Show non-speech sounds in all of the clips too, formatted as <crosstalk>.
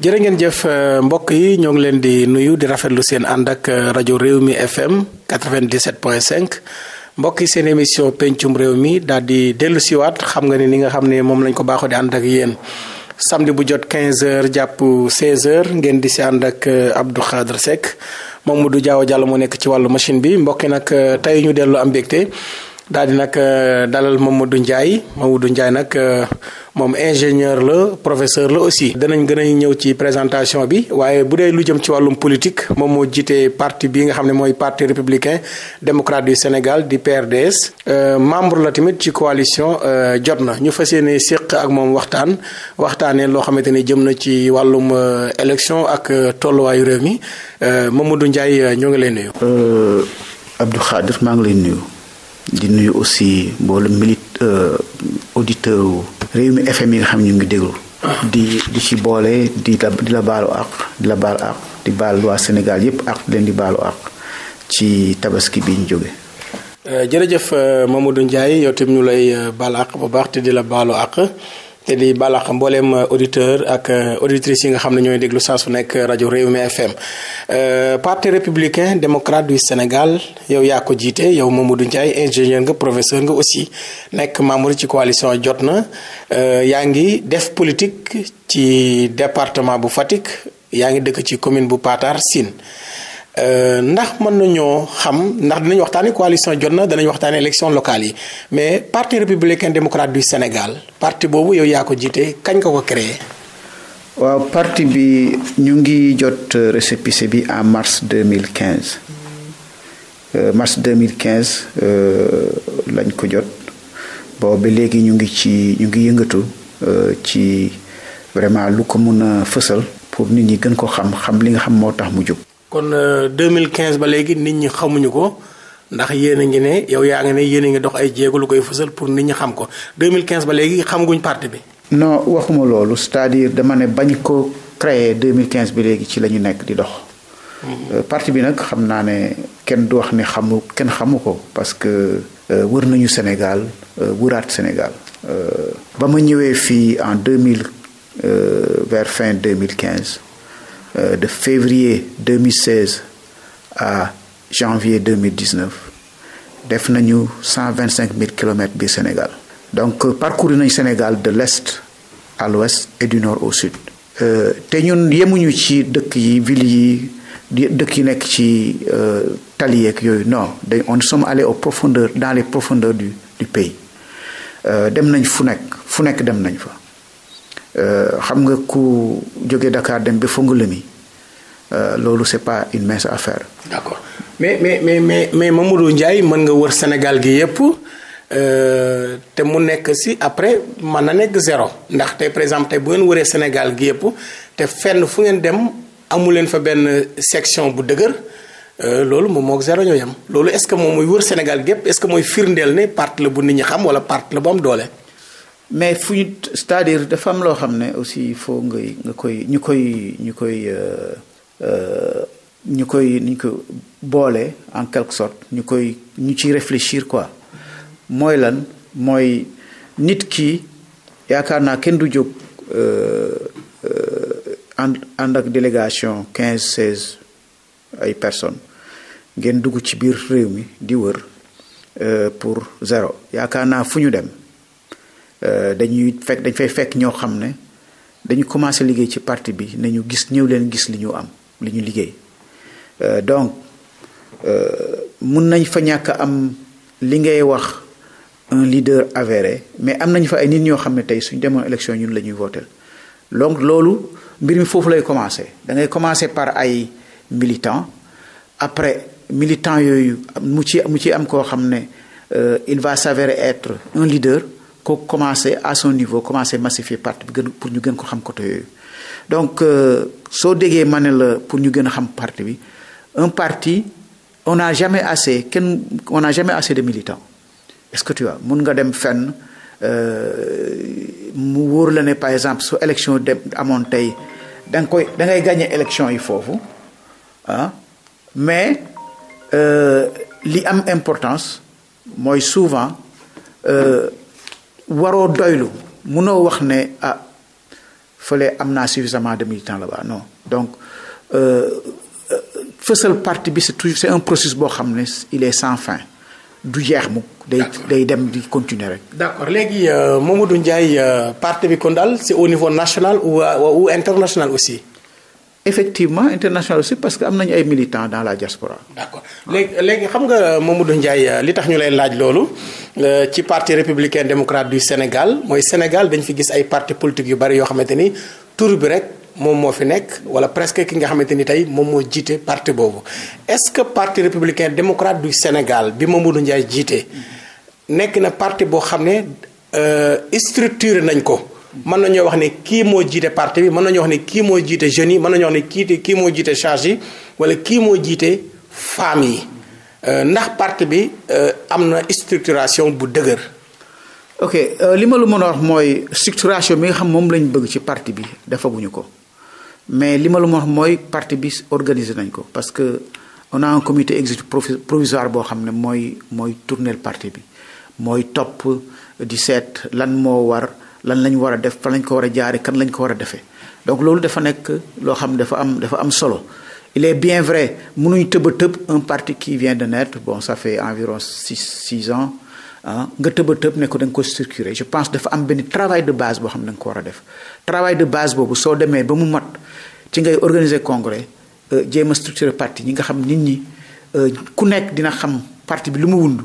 jërë ngeen jëf euh, mbokk yi ñoo ngi leen di nuyu di rafetlu seen ànd ak euh, rajo réew mi FM 97.5 mbokk yi seen émission pencum réew mi daal di dellu siwaat xam nga ni ni nga xam ne moom lañ ko baaxoo di ànd ak yéen samedi bu jot 15h jàpp 16h ngeen di si ànd ak euh, Abdou moom Seck Mamadou Diaw Diallo moo nekk ci wàllu machine bi mbokk yi nag tey ñu dellu am mbégte. daal di nag euh, dalal Mamadou Ndiaye Mamadou Ndiaye nag euh, moom ingénieur la professeur la aussi. danañ gën a ñëw ci présentation bi waaye bu dee lu jëm ci wàllum politique moom moo jiite parti bi nga xam ne mooy parti républicain démocrate du Sénégal di PRDS. Euh, membre la tamit ci coalition jot na ñu fas yéene séq ak moom waxtaan waxtaanee loo xamante ni jëm na ci wàllum élection ak tolluwaayu réew mi Mamadou Ndiaye ñoo ngi lay nuyu. Abdou Khadir maa ngi lay nuyu. di nuyu aussi mboolu milite euh, auditeur wu Rewmi FM yi nga xam ñu ngi déglu. di di ci boole di la di la baalu àq di la baal àq di baal waa Sénégal yépp àq di leen di baalu àq ci tabaski bi ñu jóge euh, jërëjëf euh, Mamadou Ndiaye yow tamit ñu lay baal àq bu baax te di la baalo àq. te di balax mbooleem auditeur ak euh, auditrices yi nga xam ne ñooy déglu saa su nekk rajo réew Rewmi FM euh, parti républicain démocrate du Sénégal yow yaa ko jiite yow Mamadou Ndiaye ingénieur nga professeur nga aussi nekk membre ci coalition jot na euh, yaa ngi def politique ci département bu Fatick yaa ngi dëkk ci commune bu Patar Sine Euh, ndax mën nañoo xam ndax dinañ waxtaani coalition jot na danañ waxtaani élection locale yi mais parti républicain démocrate du Sénégal parti boobu yow yaa ko jiite kañ ko ko créé. waaw parti bi ñu ngi jot euh, récépissé bi en mars 2015 euh, mars 2015 lañ ko jot boobu bi léegi ñu ngi ci ñu ngi yëngatu ci vraiment lu ko mën a fësal pour nit ñi gën ko xam xam li nga xam moo tax mu jóg. kon 2015 euh, ba léegi nit ñi xamuñu ko ndax yéen a ngi ne yow yaa ngi ne yéen a ngi dox ay jéego lu koy fësal pour nit ñi xam ko 2015 ba léegi xam xamaguñ parti bi. non waxuma loolu c'est-à-dire dama ne bañ ko créé 2015 bi léegi ci la ñu nekk di dox. Mm-hmm. Euh, parti bi nag xam naa ne kenn du wax ne xamu kenn xamu ko parce que euh, wër nañu Sénégal wëraat Sénégal. ba ma ñëwee fii en 2000 vers fin mille 2015. euh, de février 2016 à janvier 2019 def nañu 125 000 kilomètres bi Sénégal donc euh, parcouru nañ Sénégal de l'est à l'ouest et du nord au sud euh, te ñun yemuñu ci dëkk yi ville yi dëkk yi nekk ci euh, tali yeeg yooyu non dañ on sommes allés aux profondeurs dans les profondeurs du du pays dem nañ fu nekk fu nekk dem nañ fa Euh, xam nga ku jóge dakaar dem bi ba Fongolemi euh, loolu c'est pas une mince affaire. d'accord mais mais mais mais mais Mamadou Ndiaye mën nga wër Sénégal gi yépp euh, te mu nekk si après man na nekk zéro ndax tey par exemple tey bu ngeen wëree Sénégal gi yépp te fenn fu ngeen dem amu leen fa benn section bu dëgër. loolu moom moog zéro ñoo yam loolu est-ce que moom mooy wër Sénégal gépp est-ce que mooy firndeel ne part la bu nit ñi xam wala part la bu am doole. mais fu ñu cest à loo xam ne aussi il ngay nga koy ñu koy ñu koy euh, euh, ñu koy ñu ko boole en quelque sorte ñu koy ñu ciy réfléchir quoi mooy lan mooy nit ki yaakaar naa kenn du jóg euh, ànd ànd ak délégation quinze seize ay personnes ngeen dugg ci biir réew mi di wër pour zéro yaakaar naa fu ñu dem Euh, dañuy fekk dañ fay fekk ñoo xam ne dañu commencé liggéey ci parti bi nañu gis ñëw leen gis li ñu am li ñu liggéey euh, donc euh, mun nañ fa ñàkk am li ngay wax un leader avéré mais am nañ fa ay nit ñoo xam ne tey suñ demoon élection ñun la ñuy vooteel donc loolu mbir mi foofu lay commencé da ngay commencé par ay militants après militants yooyu mu ci mu ci am koo xam ne il va s'avérer être un leader ko commencé à son niveau commencé massifier parti bi gën pour ñu gën ko xam côté yooyu donc euh, soo déggee ma ne la pour ñu gën a xam parti bi un parti on n'a jamais assez kenn on n'a jamais assez de militants est-ce que tu vois mun nga dem fenn euh, mu wóor la ne par exemple su élection dem amoon tey da nga koy da ngay gagner élection yi foofu ah mais euh, li am importance mooy souvent. waroo doylu munoo wax ne ah fële am naa suffisamment de militants la bas non donc euh, euh, fësal parti bi c'est toujours c'est un processus boo xam ne il est sans fin du jeex mu day day dem di continuer rek. d'accord léegi euh, Mamadou Ndiaye parti bi kon daal c'est au niveau national ou ou international aussi. effectivement international aussi parce que am nañu ay militants dans la diaspora. d'accord léegi léegi xam nga Mamadou Ndiaye li tax ñu lay laaj loolu. Euh, ci parti républicain démocrate du Sénégal mooy Sénégal dañ fi gis ay parti politique yu bari yoo xamante ni tur bi rek moom moo fi nekk wala presque ki nga xamante ni tey moom moo jiite parti boobu est-ce que parti républicain démocrate du Sénégal bi Mamadou Ndiaye jiite nekk na parti boo xam ne euh, structuré nañ ko. mën nañoo wax ne kii moo jiite parti bi mën nañoo wax ne kii moo jiite jeunes yi mën nañoo wax ne kii kii moo jiite charge yi wala kii moo jiite femmes yi. Euh, ndax parti bi euh, am na structuration bu dëgër. ok euh, li ma lu mën a wax mooy structuration bi nga xam moom lañ bëgg ci parti bi defaguñu ko mais li ma lu mën wax mooy parti bi organiser nañ ko parce que on a un comité exécutif boo xam ne mooy mooy tourner parti bi mooy topp di seet lan moo war lan lañ war a def fan lañ ko war a jaare kan lañ ko war a defee donc loolu dafa nekk loo xam dafa am dafa am solo. il est bien vrai munuñu tëba tëb un parti qui vient de naître bon ça fait environ six six ans ah nga tëba tëb ne ko da nga ko structuré je pense dafa am benn travail base boo xam da nga ko a def travail de base boobu soo demee ba mu mat ci ngay organiser congrès euh, jéem a structuré parti ñi nga xam nit ñi euh, ku nekk dina xam parti bi lu mu wundu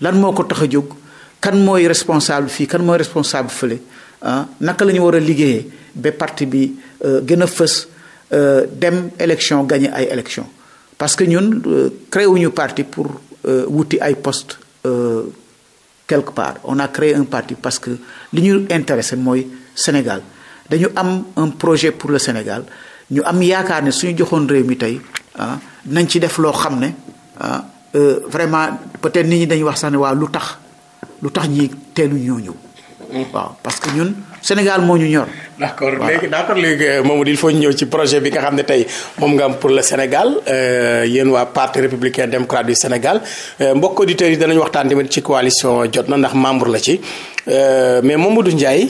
lan moo ko tax a jóg kan mooy responsable fii kan mooy responsable fële ah naka la ñu war a liggéeyee be parti bi euh, gën a fës Euh, dem élection gagné ay élection parce que ñun euh, créé wuñu parti pour euh, wuti ay poste quelque part on a créé un parti parce que li ñu intéressé mooy Sénégal dañu am un projet pour le Sénégal ñu am yaakaar ne suñu joxoon réew mi tey ah nañ ci def loo xam ne ah vraiment peut-être nit ñi dañuy wax sax ne waaw lu tax lu tax ñi teelu ñoo ñëw mm. parce que ñun Sénégal moo ñu ñor. d' accord léegi d' accord léegi euh, Mamadou il faut ñëw ci projet bi nga xam ne tey moom nga am pour le Sénégal euh, yéen waa parti républicain démocrate du Sénégal euh, mbokk auditeurs yi danañ waxtaan tamit ci coalition jot na ndax membre la ci mais moom Mamadou Ndiaye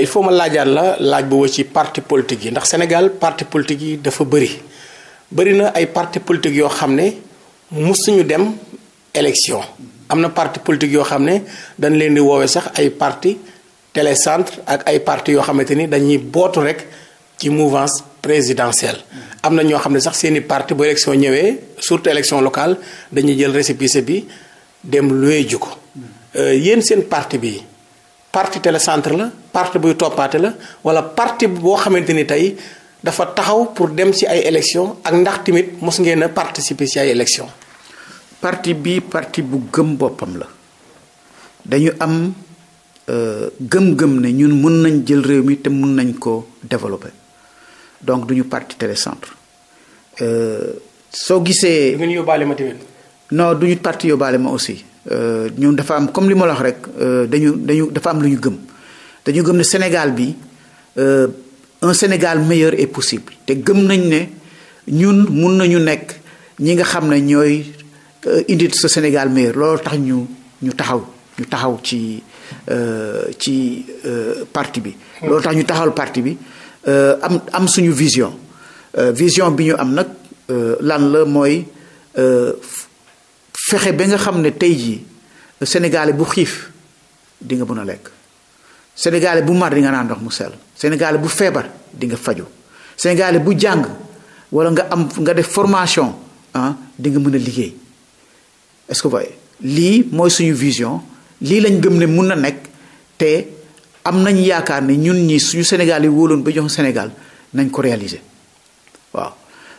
il faut ma laajaat la laaj boobu ci parti politique yi ndax Sénégal parti politique yi dafa bëri bëri na ay parti politique yoo xam ne musuñu dem élection am na parti politique yoo xam ne dañ leen di woowee sax ay parti télécentre ak ay parti yoo xamante ni dañuy bootu rek ci mouvence présidentielle am na ñoo xam ne sax seen i parti bu élection ñëwee surtout élection locale dañuy jël récépissé bi dem luwee ju ko euh, yéen seen parti bi parti centre la parti buy toppaate la wala parti boo xamante ni tey dafa taxaw pour dem ci ay élection ak ndax tamit mos ngeen a participer ci ay élection parti bi parti bu gëm boppam la dañu am Euh, gëm-gëm ne ñun mun nañ jël réew mi te mun nañ ko développer donc duñu parti télécentre euh, soo gisee. du ma tamit. non duñu parti yóbbaale ma aussi euh, ñun dafa am comme li ma la wax rek dañu dañu dafa am lu ñu gëm dañu gëm ne Sénégal bi un Sénégal meilleur et possible te gëm nañ ne ñun mun nañu nekk ñi nga xam ne ñooy indi sa Sénégal meilleur loolu tax ñu ñu taxaw ñu taxaw ci. Euh, ci euh, partie bi. loolu tax ñu taxal partie bi euh, am am suñu vision vision bi ñu am nag lan la mooy fexe ba nga xam ne tey jii sénégalais bu xiif di nga mën a lekk sénégale bu mar di nga naan ndox mu sell sénégalais bu feebar di nga faju sénégalais bu jàng wala nga am nga def formation ah di mën a liggéey est-ce que vous lii mooy suñu vision. lii lañ gëm ne mun na nekk te am nañ yaakaar ne ñun ñi suñu Sénégal yi wóoloon ba jox Sénégal nañ ko réaliser waaw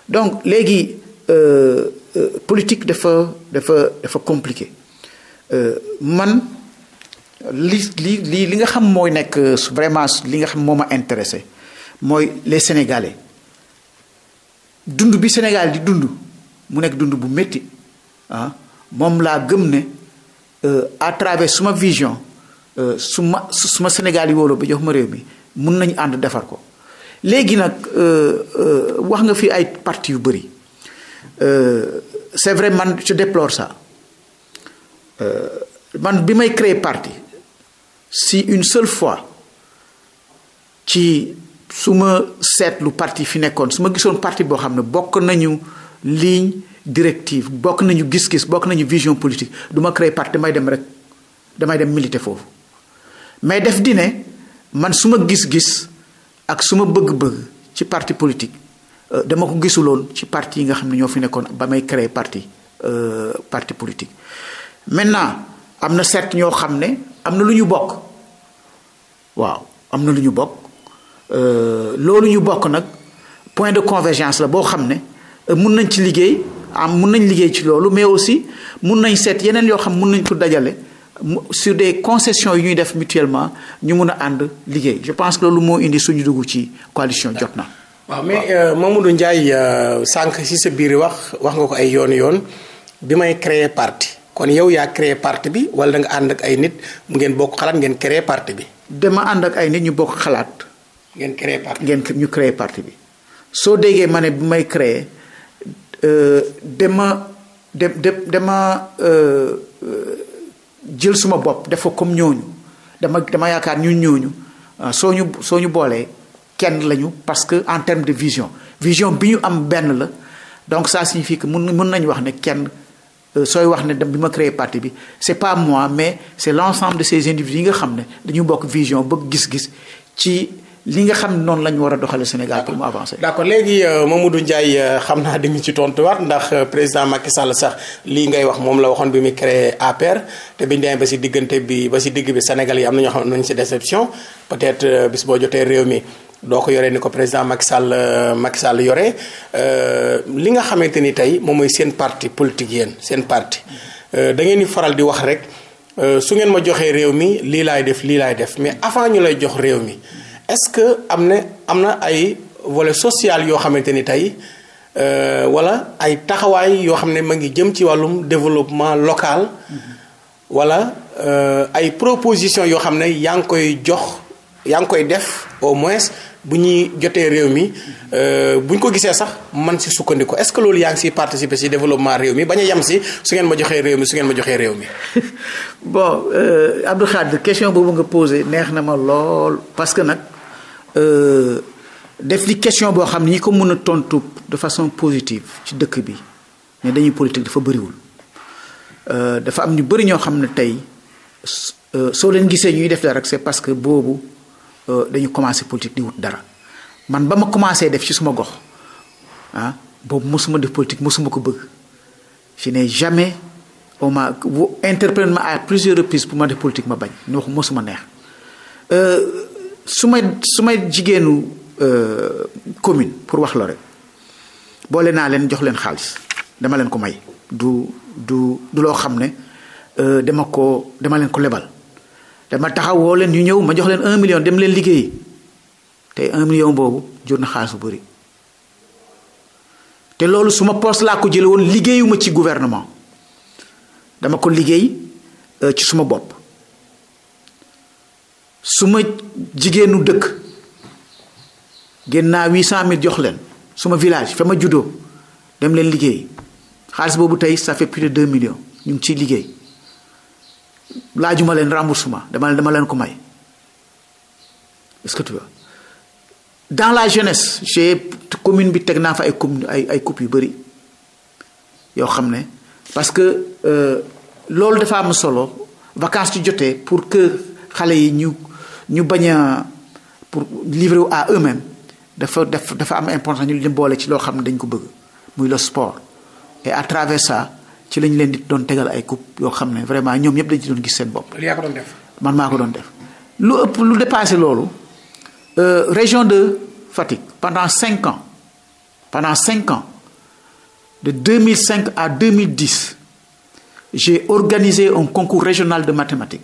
donc léegi euh, euh politique dafa dafa dafa compliquer euh, man li li lii li nga xam mooy nekk su euh, vraiment li nga xam moo ma intéressé mooy les Sénégalais dund bi Sénégal di dund mu nekk dund bu métti ah moom laa gëm ne. Euh, à travers suma vision euh, suma suma Sénégal yi ba jox ma réew mi mun nañu ànd defar ko léegi nag euh, wax nga fi ay parti yu bëri c'est vrai man je déplore ça man bi may créer parti si une seule fois ci su ma seetlu parti fi nekkoon su ma gisoon partie boo xam ne bokk nañu ligne directive bokk nañu gis-gis bokk nañu vision politique du ma créer parti damay dem rek damay dem militer foofu mais def di ne man suma gis-gis ak suma bëgg-bëgg ci parti politique euh, dama ko gisuloon ci parti yi nga xam ne ñoo fi nekkoon ba may créer parti euh, parti politique maintenant am na certes ñoo xam ne am na lu ñu bokk waaw am na lu ñu bokk euh, loolu ñu bokk nag point de convergence la boo xam ne mun nañ ci liggéey am mun nañ liggéey ci loolu mais aussi mun nañ seet yeneen yoo xam mun nañ ko dajale su des concessions yu ñuy def mutuellement ñu mun a ànd liggéey je pense que loolu moo indi suñu dugg ci coalition jot na. ma mais euh, Mamadou Ndiaye euh, sànq si sa biir wax wax nga ko ay yoon yoon bi may créer parti kon yow yaa créer parti bi wala da nga ànd ak ay nit mu ngeen bokk xalaat ngeen créer parti bi. dama ànd ak ay nit ñu bokk xalaat. ngeen créer parti ngeen ñu créer parti bi soo déggee ma ne bi may créer. Euh, dama dem dama euh, jël suma bopp def ko comme ñooñu dama dama yaakaar ñun ñooñu euh, soo ñu soo ñu boolee kenn lañu parce que en termes de vision vision bi ñu am benn la donc ça signifie que mun mun nañu wax ne kenn sooy wax ne dem bi ma créer parti bi c'est pas moi mais c'est l'ensemble de ces individus yi nga xam ne dañu bokk vision bëgg gis-gis ci. li nga xam noonu la ñu war a doxalee Sénégal pour mu avancer. d' accord léegi euh, Mamadou Ndiaye euh, xam naa di nga ci tontuwaat ndax euh, président Macky Sall sax lii ngay wax moom la waxoon bi muy créé APR te bi demee ba si diggante bi ba si digg bi Sénégal yi am na ñoo xam ne nañ si déception peut être bis boo jotee réew mi. doo ko yoree ni ko président Macky Sall Macky Sall yore li nga xamante ni tey moom mooy seen parti politique yéen seen parti da ngeen di faral di wax rek su ngeen ma joxee réew mi lii laay def lii laay def mais avant ñu lay jox réew mi est-ce que am na am na ay volet social yoo xamante ni tey euh, wala ay taxawaay yoo xam ne ma ngi jëm ci wàllum développement local wala euh, ay proposition yoo xam ne yaa ngi koy jox yaa ngi koy def au moins bu ñuy jotee réew mi euh, bu ñu ko gisee sax man si sukkandiku est-ce que loolu yaa ngi siy participer si développement réew mi bañ a yem si su ngeen ma joxee réew mi su ngeen ma joxee réew mi. <laughs> bon Abdou Khadre question boobu nga posé neex na ma lool parce que nag. Euh, def li question boo xam ne ñi ko mën a tontu de façon positive ci dëkk bi ne dañuy politique dafa bëriwul euh, dafa am ñu bëri ñoo xam ne tey euh, soo leen gisee ñuy def dara c'est parce que boobu dañu commencé politique di wut dara man ba ma commencé def ci suma gox ah boobu mosuma def politique mosuma ko bëgg je n'ai jamais on m'a interpellé ma à plusieurs reprises pour ma def politique ma bañ ñu wax mosuma neex. su may su may jigéenu euh, commune pour wax la rek boole naa leen jox leen xaalis dama leen ko may du du du loo xam ne euh, dama ko dama leen ko lebal dama taxaw woo leen ñu ñëw ma jox leen un million dem leen liggéey te un million boobu jur na xaalis bu bëri te loolu suma poste laa ko jële woon liggéeyuma ci gouvernement dama ko liggéey euh, ci suma bopp su ma jigéenu dëkk génn naa huit cent mille jox leen suma village fa ma juddoo dem leen liggéey xaalis boobu tey ça fait de deux millions ñu ngi ciy liggéey laajuma leen remboursement dama dama leen ko may est dans la jeunesse j'ai commune bi teg naa fa ay commune ay ay yu bëri yoo xam ne parce que euh, loolu dafa am solo vacances ci jotee pour que xale yi ñu ñu bañ a pour livrer à eux-mêmes dafa def dafa am important ñu leen boole ci loo xam ne dañ ko bëgg muy le sport et à travers ça ci lañ leen di doon tegal ay coupe yoo xam ne vraiment ñoom ñëpp dañu ci doon gis seen bopp. yaa ko def man maa ko doon def. lu ëpp lu dépassé loolu euh, région de Fatick pendant cinq ans pendant cinq ans de 2005 à 2010 j'ai organisé un concours régional de mathématiques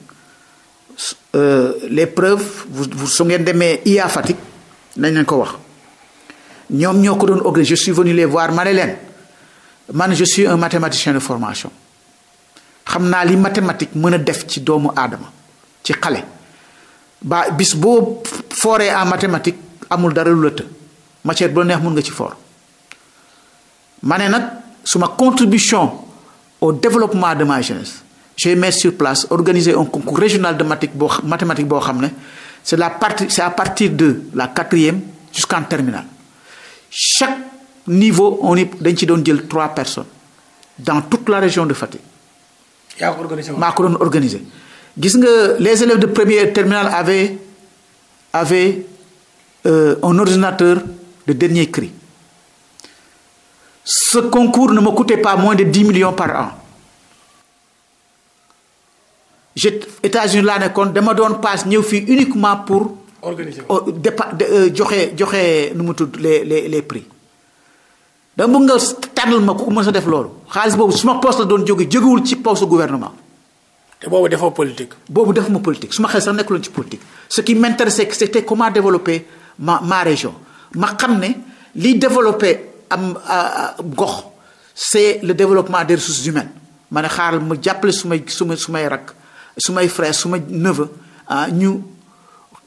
Euh, les preuves vous su ngeen demee IA Fatick nañ leen ko wax ñoom ñoo ko doon organiser je suis venu les voir ma ne leen man je suis un mathématicien de formation xam naa li mathématique mën a def ci doomu aadama ci xale ba bis boo fooree en mathématique amul dara lu la të matière bu neex mun nga ci foor ma ne nag suma contribution au développement de ma jeunesse j'ai mis sur place organisé un concours régional de mathématiques boo xam ne c'est la partie c'est à partir de la quatrième jusqu'en terminale chaque niveau on est dañ ci doon jël trois personnes dans toute la région de Fatick. organisé maa ko doon organisé. gis nga les élèves de première terminale avaient avaient euh, un ordinateur de dernier cri ce concours ne me coûtait pas moins de dix millions par an. je États-Unis laa nekkoon dama doon paas ñëw fii uniquement pour. organiser dépa euh, joxe joxe nu mu tudd les les les prix. dama bëgg nga tànnal ma ku mën sa def loolu xaalis boobu suma poste la doon jóge jógewul ci poste gouvernement. te boobu defoo politique. boobu ma politique suma xel sax nekkuloon ci politique ce qui m'intéressait c'était comment développer ma ma région ma xam ne liy développer am gox c'est le développement des ressources humaines ma ne xaaral ma jàppale sumay sumay sumay rakk. su may frère suma neveu ah ñu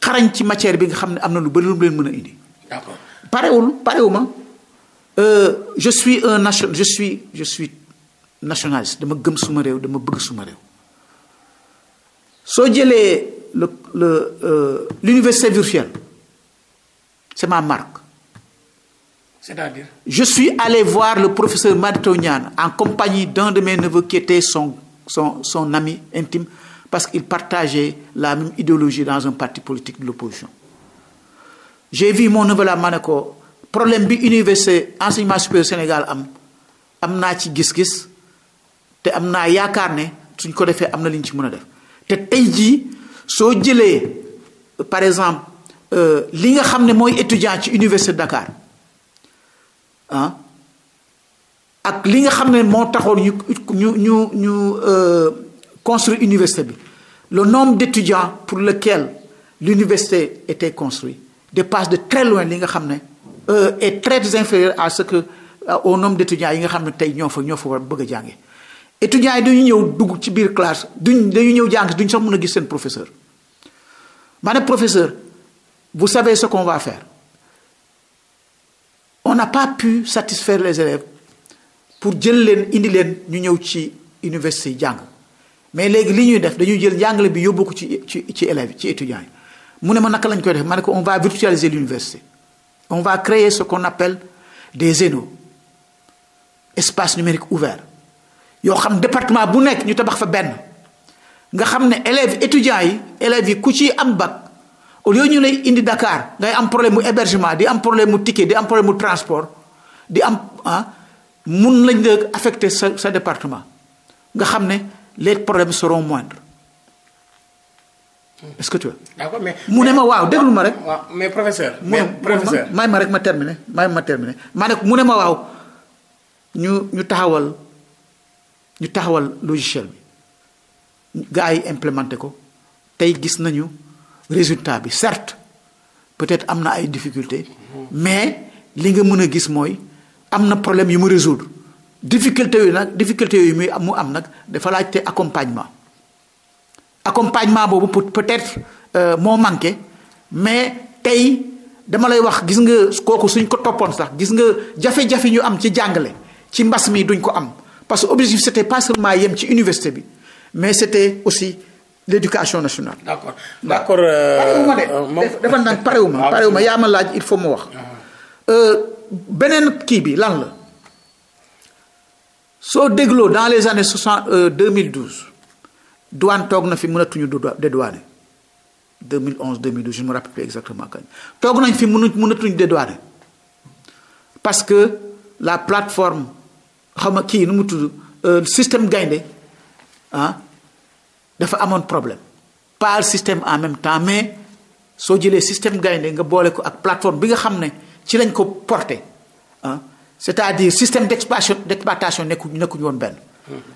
xarañ ci matière bi nga xam ne am na lu bëri lu mu leen mën a indi. d'accord parewul parewuma euh, je suis un nation je suis je nationaliste dama gëm suma réew dama bëgg suma réew soo jëlee le le euh, l'université virtuelle c'est ma marque. c'est-à-dire. je suis allé voir le professeur Mary Teuw Niane en compagnie d'un de mes neveux qui son son son ami intime parce que qu'ils partageaient la même idéologie dans un parti politique de l'opposition j'ai vu mon neveu la ma ne ko problème bi université enseignement supérieur Sénégal am am naa ci gis-gis te am naa yaakaar ne suñ ko defee am na li ñu ci mën a def te tey jii soo jëlee par exemple euh, li nga xam ne mooy étudiant ci université Dakar ah, ak li nga xam ne moo taxoon ñu ñu ñu ñu euh, construit université bi le nombre d'étudiants pour lequel l'université était construite dépasse de très loin li nga xam ne euh, est très inférieur à ce que euh, au nombre d'étudiants yi nga xam ne tey ñoo fa ñoo fa war bëgg a jànge étudiants yi dañu ñëw dugg ci biir classe duñ dañu ñëw jàng duñ sax mën a gis seen professeur maanaam professeur vous savez ce qu'on va faire on n'a pas pu satisfaire les élèves pour jël leen indi leen ñu ñëw ci université yi jàng mais léegi li ñuy def dañuy jël njàngale bi yóbbu ko ci ci ci élèves ci étudiants yi mu ne ma naka lañ koy def ma ne ko on va virtualiser l'université on va créer ce qu'on appelle des ENO espace numérique ouvert yoo xam département bu nekk ñu tabax fa benn nga xam ne élèves étudians yi élèves yi ku ci am bac au lieu ñu lay indi Dakar ngay am problème mu hébergement di am problème mu ticket di am problème mu transport di am ah mun lañ la affecté sa sa département nga xam ne. les problème seront moindres est que tu mu ne ma waaw déglu ma rek. waaw mais professeur. mais professeur may ma rek ma terminer may ma terminer ma mu ne ma waaw ñu ñu taxawal ñu taxawal logiciel bi gars yi implémenté ko tey gis nañu résultat bi certes peut-être am na ay difficultés mhm. mais li nga mën a gis mooy am na problème yu mu résoudre. difficulté yooyu nag difficulté yooyu muy mu am nag dafa laajte accompagnement accompagnement boobu pour peut-être euh, moo manqué mais tey dama lay wax gis nga kooku suñ ko toppoon sax gis nga jafe-jafe ñu am ci jàngale ci mbas mii duñ ko am parce que objectif c'était pas seulement yem ci université bi mais c'était aussi l'éducation nationale. d'accord d'accord. Euh, parewuma de euh, dafa naan parewuma <laughs> ah, parewuma yaa ma laaj il faut mu wax. Ah. beneen kii bi lan la. soo dégloo dans les années soixante euh, deux mille douze douane toog na fi mënatuñu dédouaner deux mille onze deux mille douze je me rappelle plus exactement kañ toog nañ fi mënu mënatuñu dédouaner parce que la plateforme xam nga kii nu mu tudd euh, système gaynde ah dafa amoon problème par système en même temps mais soo jëlee système gaynde nga boole ko ak plateforme bi nga xam ne ci lañ ko porté ah, c'est-à-dire système d'exploitation d'exploitation nekku nekkuñu woon benn.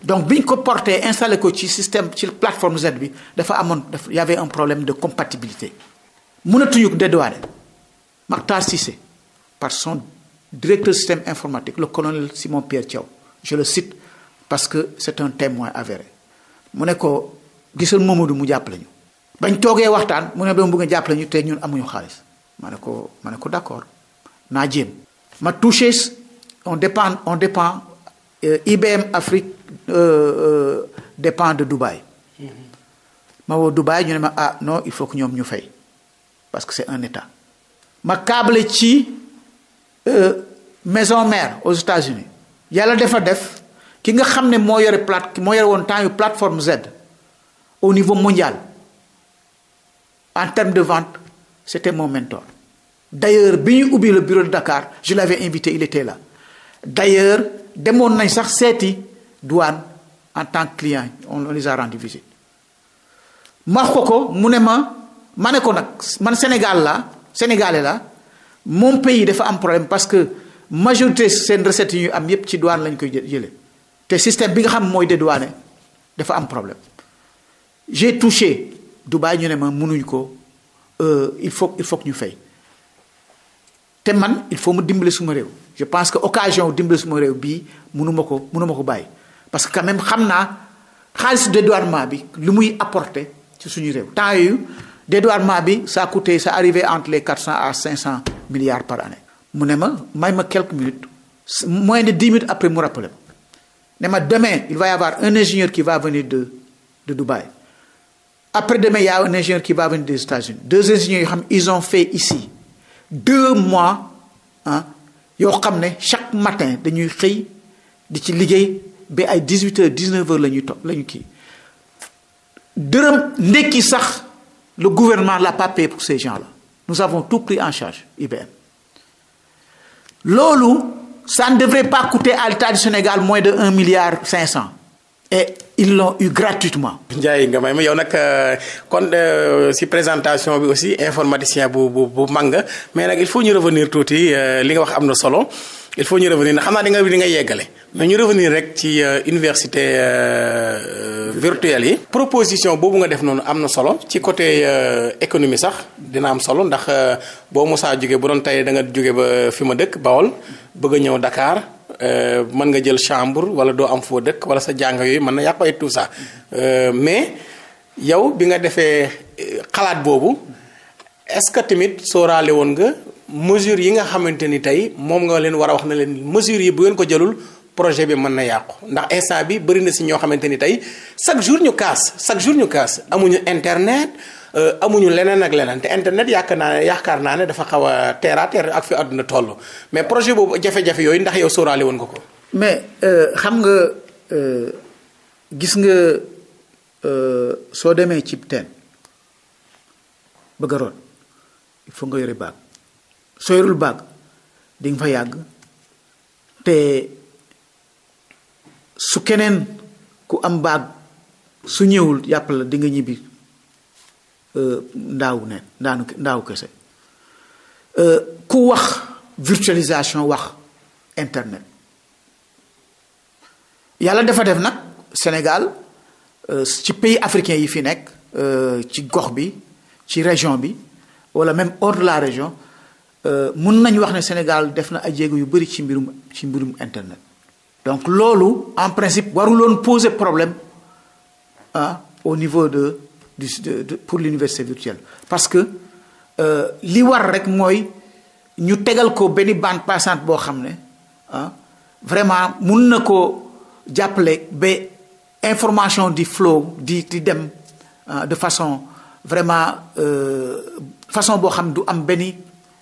donc bi ko porté installé ko ci système ci plateforme Z bi dafa amoon dafa y avait un problème de compatibilité. mënatuñu ko dédouaner Mactar Cissé par son directeur système informatique le colonel Simon Pierre Thiaw je le cite parce que c'est un témoin avéré mu ne ko gisal Mamadou mu jàppale ñu. bañ toogee waxtaan mu ne ba mu bëgg a jàppale ñu te ñun amuñu xaalis ma ne ko ma ne ko d'accord naa jéem. ma touché. on dépend on dépend euh, IBM Afrique euh, euh, dépend de Dubaï. Mm -hmm. ma woo Dubaï ñu ne ma ah non il faut que ñoom ñu fay parce que c'est un état. ma cable ci euh, maison maire aux États-Unis yàlla dafa def ki nga xam ne moo yore plate moo yore woon temps plateforme Z au niveau mondial en termes de vente c'était mon mentor. D'ailleurs, bi ñu ubbi le bureau de Dakar, je l'avais invité, il était là. dayeur demoon nañ sax seeti douane en tant que client on les a rendu visite ma wax ko ko mu ne ma ma ne ko nag man Sénégal la Sénégalais la moom pays dafa am problème parce que majorité seen recettes yu ñu am yépp ci douane lañ koy jëlee te système bi nga xam mooy dédouané dafa am problème j'ai touché Dubaï ñu ne ma mënuñ ko euh, il faut il faut que ñu fay te man il faut ma dimbale suma réew. je pense que occasion dimbali suma réew bii mënuma ko munu mënuma ko bàyyi parce que quand même xam naa xaalis dédouanement bi lu muy apporter ci suñu réew temps yooyu dédouanement bi ça coûté sa arriver entre les quatre cent à cinq cent milliards par année mu ne ma may ma quelques minutes moins de dix minutes après mu rappelé ma ma demain il va y avoir un ingénieur qui va venir de de Dubaï après demain y a un ingénieur qui va venir des États-Unis deux ingénieurs yoo xam ils ont fait ici deux mois yoo xam ne chaque matin dañuy xëy di ci liggéey bi ay dix huit heures dix neuf heures la ñuy toog la kii dërëm ndekki sax le gouvernement l'a pas payé pour ces gens-là nous avons tout pris en charge IBM loolu ça ne devrait pas coûter à l'État du Sénégal moins de un milliard cinq cent ils l'ont eu gratuitement. Ndiaye nga may ma yow nag euh, kon euh, si présentation bi aussi informaticien bu bu bu mag mais nag il faut ñu revenir tuuti euh, li nga wax am na solo il faut ñu revenir xam naa di nga di nga yeggale mais ñu revenir rek ci université virtuelle yi. proposition boobu nga def noonu am na solo ci côté économie sax dina am solo ndax boo mosaa jóge bu doon tey da nga jóge ba fi ma dëkk Bawol bëgg a ñëw Dakar. Euh, mën nga jël chambre wala doo am foo dëkk wala sa jàng yooyu mën na yàqu ay tout ça euh, mais yow bi nga defee euh, xalaat boobu est-ce que tamit woon nga mesure yi nga xamante ni tey moom nga leen war a wax na leen mesure yi bu ngeen ko jëlul projet bi mën na yàqu ndax instant bi bëri na si ñoo xamante ni tey chaque jour ñu kaas chaque jour ñu kaas amuñu internet. Euh, amuñu leneen ak leneen te internet yaakaar naa ne yaakaar naa ne dafa xaw a terre ak fi àdduna toll mais projet boobu jafe-jafe yooyu ndax yow sóoraale woon nga ko. mais euh, xam nga euh, gis nga soo demee cib teen bëgg a root il faut nga yore baag soo yorul baag di nga fa yàgg te su keneen ku am baag su ñëwul yàpp la di ñibbi. Euh, ndaawu neen ndaanu ndaawu kese euh, ku wax virtualisation wax internet yàlla defa def nag Sénégal euh, ci pays africain yi fi nekk ci gox bi ci région bi wala même hors de la région mun nañu wax ne Sénégal def na ay jéego yu bëri ci mbirum ci mbirum internet donc loolu en principe waruloon poser problème ah au niveau de du de pour l'université virtuelle parce que euh, li war rek mooy ñu tegal ko benn bande passante boo xam ne ah vraiment mun na koo jàppale ba information di flow di di dem ah, de façon vraiment euh, façon boo xam ne du am benn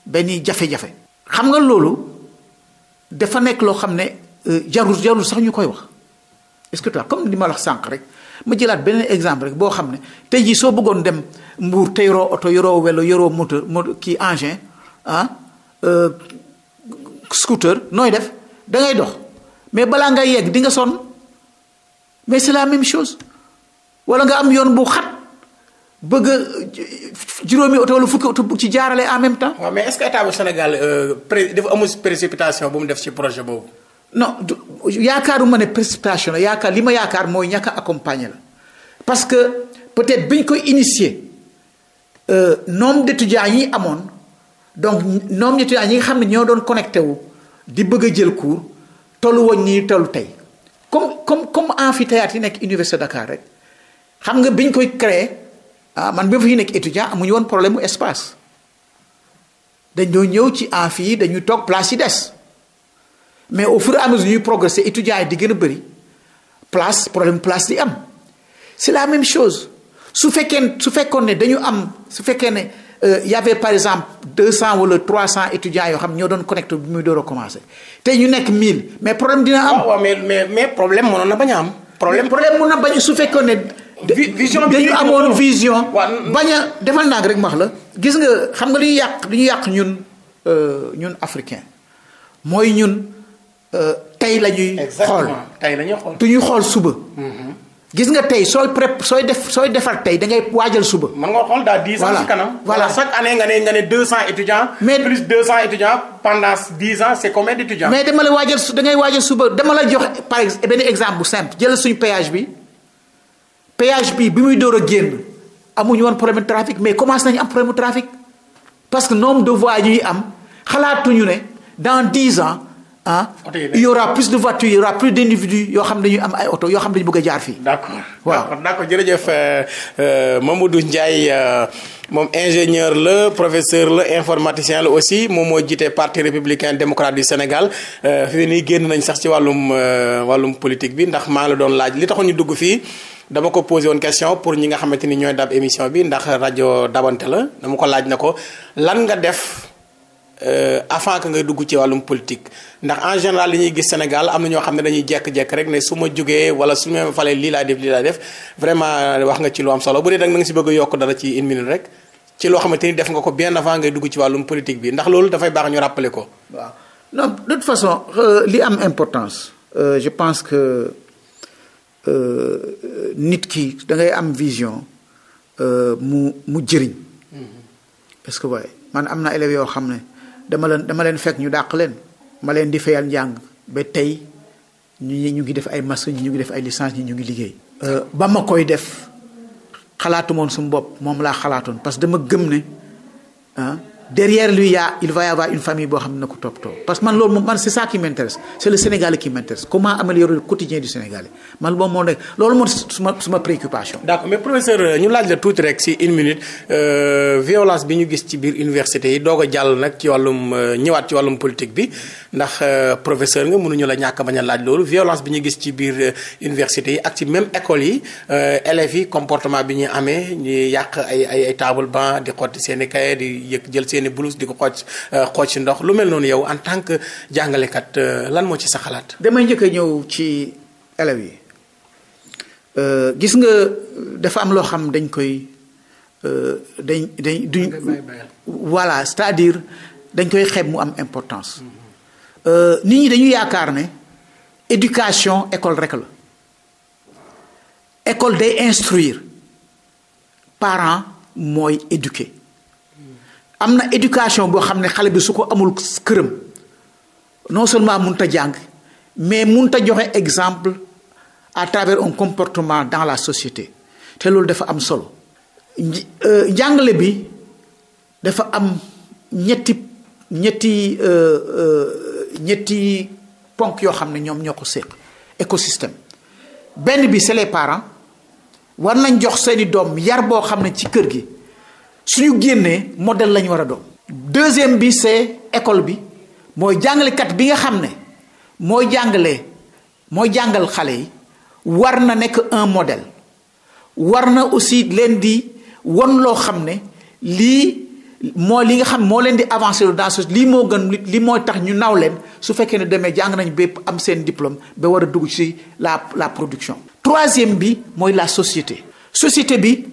benn jafe-jafe. xam nga loolu dafa nekk loo xam ne euh, jarul jarul sax ñu koy wax est-ce que toi comme li ma la sànq rek. ma jëlaat beneen exemple rek boo xam ne tey jii soo bëggoon dem Mbuur te yoroo oto yoroo welo yoroo moteur moto kii engin ah euh, scooter nooy def dangay dox mais balaa nga yegg di nga sonn mais c'est la même chose wala nga am yoon bu xat bëgg juróomi oto wala fukki oto bu ci jaarale en même temps. waaw mais est-ce que état bu Sénégal euh, pré dafa amul précipitation bu mu def ci projet boobu. non yaakaaruma ne précipitation la yaakaar li ma yaakaar mooy ñàkk a accompagner la parce que peut-être bi ñu koy initier euh, nombre d'étudiants yi amoon donc nombre d'étudiants yi nga xam ne ñoo doon connecté wu di bëgg a jël cours tollu woon nii tollu tey comme comme comme amphithéâtre yi nekk université Dakar rek xam nga bi ñu koy créer ah man bi ma fi nekk étudiant amuñu woon problème espace espace doo ñëw ci amphi yi dañuy toog place yi des. mais au fur et à mesure ñuy progresser étudiants yi di gën a bëri place problème place di am c'est la même chose su fekkee su fekkoon ne dañu am su fekkee ne euh, y avait par exemple deux cent wala trois cent étudiants yoo xam ñoo doon connecté bi muy door a te tey ñu nekk mille mais problème dina am. waaw mais mais problème mënoon na bañ a am. problème problème mun na bañ su fekkoon ne. vision bi dañu amoon vision. bañ a defal naa rek max la. gis nga xam nga li ñu yàq lu ñu yàq ñun euh, ñun africain mooy ñun. tey la ñuy. xool tey la ñuy xool du ñuy xool suba. Mm-hmm. gis nga tey sooy prep sooy def sooy defar tey da ngay waajal suba. mën nga xool daal 10 ans ci kanam. année nga ne ne 200 étudiants. mais plus 200 étudiants pendant 10 mais dama la waajal su da ngay waajal suba dama la jox par exemple benn exemple bu simple jëlal suñu péage bi péage bi bi muy dóor a génn amuñu woon problème trafic mais commencé nañu am problème trafic parce que nombre de voies ñuy am xalaatuñu ne dans 10 ans. ah il y plus de voitures il y aura yoo xam ne dañuy am ay oto yoo xam ne dañu bëgg a jaar fii. d'accord waaw d'accord jërëjëf euh, euh, Mamadou Ndiaye euh, moom ingénieur la professeur la informaticien la aussi moom moo jiite parti républicain démocrate du Sénégal fii nii génn nañ sax ci wàllum wàllum politique bi ndax maa la doon laaj li taxoon ñu dugg fii. dama ko posé woon question pour ñi nga xamante ni ñooy dab émission bi ndax rajo dabante la dama ko laaj na ko lan nga def. Euh, avant que ngay dugg ci wàllum politique ndax en général li ñuy gis Sénégal am na ñoo xam ne dañuy jekk-jekk rek ne su ma jógee wala su ma falee lii laa def lii laa def vraiment wax nga ci lu am solo bu dee nag na si bëgg a yokk ci une rek ci loo xamante ni def nga ko bien avant ngay dugg ci wàllum politique bi ndax loolu dafay baax ñu rappeler ko. waaw non de toute façon euh, li am importance. Euh, je pense que nit ki dangay am vision mu mu jëriñ. Mm-hmm. parce que waaye man am na élèves yoo xam ne. dama leen dama leen fekk ñu dàq leen ma leen di fayal njàng ba tey ñi ñu ngi def ay masque ñi ñu ngi def ay licence ñi ñu ngi liggéey euh, ba ma koy def xalaatumoon suñu bopp moom laa xalaatoon parce que dama gëm ne ah derrière lui yaa il va y avoir une famille boo xam ne na ko toppatoo parce que man loolu moom man c'est ça qui m'intéresse c'est le Sénégalais qui m'intéresse comment améliorer le quotidien du Sénégalais man moom moo nekk loolu moom suma suma préoccupation. d'accord mais professeur euh, ñu laaj la tuuti rek ci une minute euh, violence bi ñu gis ci biir université yi doog jàll nag ci wàllum euh, ñëwaat ci wàllum politique bi ndax professeur nga mënuñu la ñàkk bañ laaj loolu yi ak ci école yi élèves comportement bi ñuy amee ñuy yàq ay ay ay génne blouse di ko xooj euh, ci ndox lu mel noonu yow en tant que jàngalekat euh, lan moo ci sa xalaat. damay njëkk a ñëw ci élèves yi euh, gis nga dafa am loo xam dañ koy dañ dañ duñ. voilà cest à dañ koy xeeb mu am importance. nit ñi dañu yaakaar ne éducation école rek la école day instruire parent mooy éduquer am na éducation boo xam ne xale bi su ko amul këram non seulement mënut a jàng mais mënut a joxe exemple à travers un comportement dans la société te loolu dafa am solo euh, njàngale bi dafa am ñetti ñetti euh, euh, ñetti ponk yoo xam ne ñoom ñoo ko séq écosystème benn bi c'est parent war nañ jox seeni doom yar boo xam ne ci kër gi suñu génnee modèle la ñu war a doon. deuxième bi c'est école bi mooy jàngalekat bi nga xam ne mooy jàngalee mooy jàngal xale yi war na nekk un modèle war na aussi leen di won loo xam ne lii mooy li nga xam moo leen di avancé lu dans ce lii moo gën lii mooy tax ñu naw leen su fekkee ne demee jàng nañu bépp am seen diplôme ba war a dugg ci la la production. troisième bi mooy la société. société bi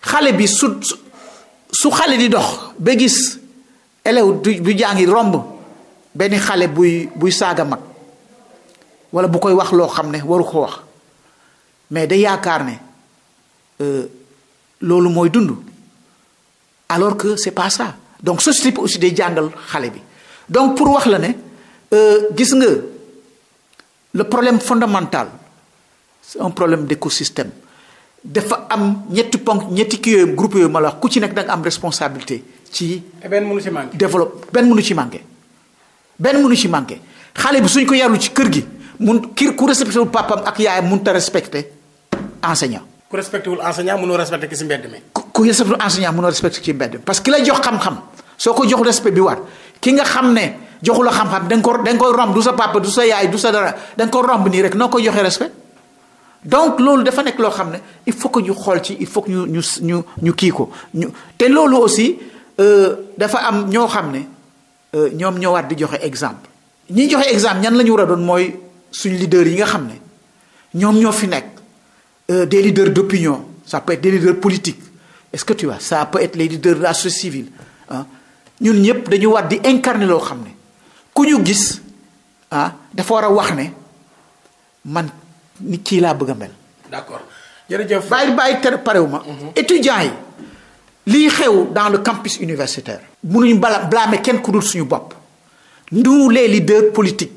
xale bi su su xale di dox ba gis élève du du jàngi romb benn xale buy buy saaga mag wala bu koy wax loo xam ne waru ko wax mais da yaakaar ne euh, loolu mooy dund alors que c'est pas ça donc société bi aussi day jàngal xale bi donc pour wax la ne euh, gis nga le problème fondamental c'est un problème d'écosystème dafa am ñetti ponk ñetti kii yooyu groupe yooyu ma la ku ci nekk da am responsabilité ci. Eh, benn mënu ci manqué développe benn mënu ci manqué. benn mënu manqué xale bi suñ ko yarul ci kër gi mun kii ku respecté wul papam ak yaay mun ta respecté enseignant. ku respecté wul enseignant mënoo respecté ki ci mbedd mi. ku ku respecté wul enseignant mënoo parce que ki lay jox xam-xam soo ko jox respect bi war ki nga xam ne joxula la xam-xam da nga ko koy romb du sa papa du sa yaay du sa dara da nga ko romb nii rek noo koy joxee respect. donc loolu dafa nekk loo xam ne il faut que ñu xool ci il faut que ñu ñu ñu kii ko ñu te loolu aussi euh, dafa am ñoo xam ne euh, ñoom ñëwaat di joxe exemple. ñi joxe exemple ñan lañu war a doon mooy suñu leaders yi nga xam ne ñoom ñoo fi nekk euh, des leaders d'opinion ça peut être des leaders politiques est-ce que tu vois ça peut être les leaders de la société ah ñun ñëpp dañu war di incarner loo xam ne ku ñu gis ah dafa war a wax ne man. nit kii laa bëgg a mel. d'accord jërëjëf. bàyyi bàyyi tere parewu ma. Mhm. étudiants yi lii xew dans le campus universitaire. mënuñu bala blâmer kenn ku dul suñu bopp. nous les leaders politiques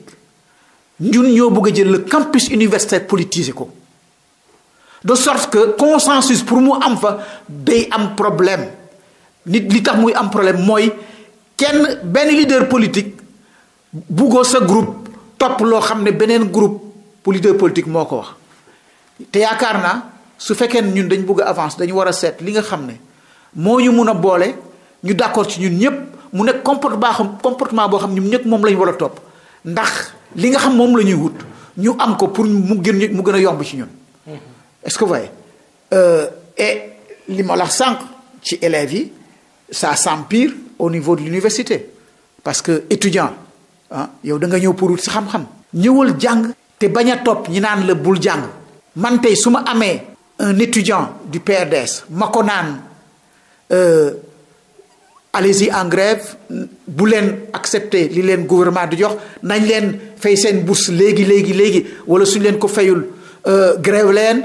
ñun ñoo bugg a jël le campus universitaire politiser ko de sorte que consensus pour mu am fa day am problème nit li tax muy am problème mooy kenn benn leader politique buggoo sa groupe topp loo xam ne beneen groupe. leader politique moo ko wax te yaakaar na su fekkee ne ñun dañ bugg a avance dañu war a seet li nga xam ne moo ñu mun a boole ñu d'accord ci ñun ñëpp mu nekk baaxum comportement boo xam ñun ñëpp moom la ñu a topp ndax li nga xam moom la ñuy wut ñu am ko pour mu gën mu gën a yomb ci ñun. Mm-hmm. est-ce que vous voyez euh, et sànq ci élèves yi ça s'empire au niveau de l'université parce que étudiant ah yow da nga ñëw pour wut si xam-xam. ñëwal jàng. te bañ a topp ñi naan la bul jàng man tey su ma amee un étudiant du PRDS ma ko euh, en grève bu leen accepter li leen gouvernement du jox nañ leen fay seen bourse léegi léegi léegi wala suñ leen ko fayul euh, grève leen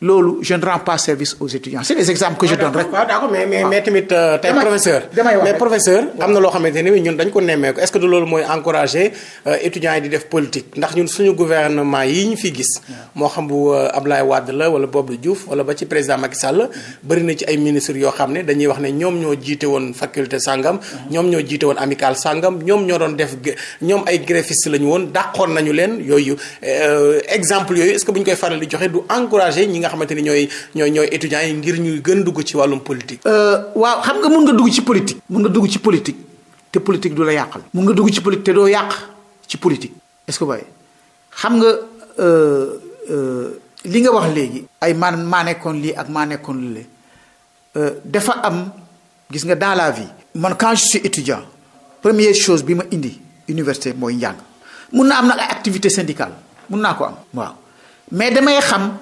loolu je ne rends pas service aux étudiants c'est des exemples que je donne rek. Ah, mais mais tamit euh, tey professeur. mais professeur am na loo xamante ne ñun dañ ko nemmeeku est-ce que du loolu mooy encourager euh, étudiants yi di def politique ndax ñun suñu gouvernement yi ñu fi gis. moo xam bu euh, Abdoulaye Wade la wala Bob Diouf wala ba ci président Macky Sall. Mm-hmm. bëri ci ay ministres yoo xam ne dañuy wax ne ñoom ñoo jiite woon faculté sangam. Mm-hmm. ñoom ñoo jiite woon amicale sangam ñoom ñoo doon def ñoom ay grévistes lañu woon dàqoon nañu leen yooyu exemple yooyu ñu koy faral di joxe du encourager ñi nga xamante ni ñooy ñooy ñooy étudiants yi ngir ñuy gën dugg ci wàllum politique. Euh, waaw xam nga mun nga dugg ci politique. mun nga dugg ci politique te politique du la yàqal. mun nga dugg ci politique te doo yàq ci politique. est-ce que waaye xam nga euh, euh, li nga wax léegi. ay man maa nekkoon lii ak maa nekkoon lële dafa am gis nga dans la vie. man quand je suis première chose bi ma indi université mooy njàng. mun na am nag ay activité syndicale mun naa ko am. waaw mais damay xam.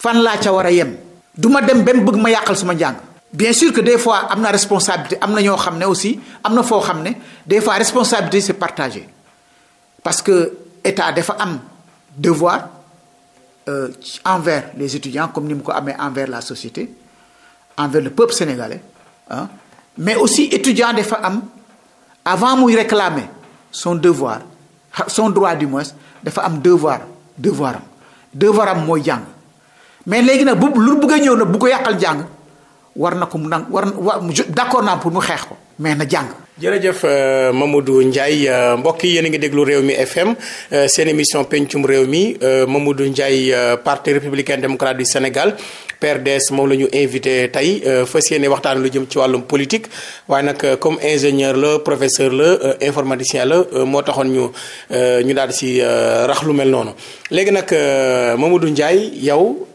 fan laa ca war a yem du ma dem benn bëgg ma yàqal suma njàng bien sûr que des fois am na responsabilité am na ñoo xam ne aussi am na foo xam ne des fois responsabilité c'est partagé parce que état dafa am devoir euh, envers les étudiants comme ni mu ko amee envers la société envers le peuple sénégalais ah mais aussi étudiant dafa am avant muy réclamer son devoir son droit du moins dafa am devoir devoir am devoir am mooy jàng mais léegi nag bu lu bëgg a ñëw na bu ko yàqal njàng war na ko mu nag war d'accord naa pour mu xeex ko mais na jàng. jërëjëf euh, Mamadou Ndiaye euh, mbokk yi yéen a ngi déglu réew mi FM euh, seen émission pencum réew mi Mamadou Ndiaye parti républicain démocrate du Sénégal PRDS moom la ñu invité tey fas yéene waxtaan lu jëm ci wàllum politique waaye nag comme ingénieur la professeur la informaticien la moo taxoon ñu ñu daal si rax lu mel noonu. léegi nag Mamadou Ndiaye yow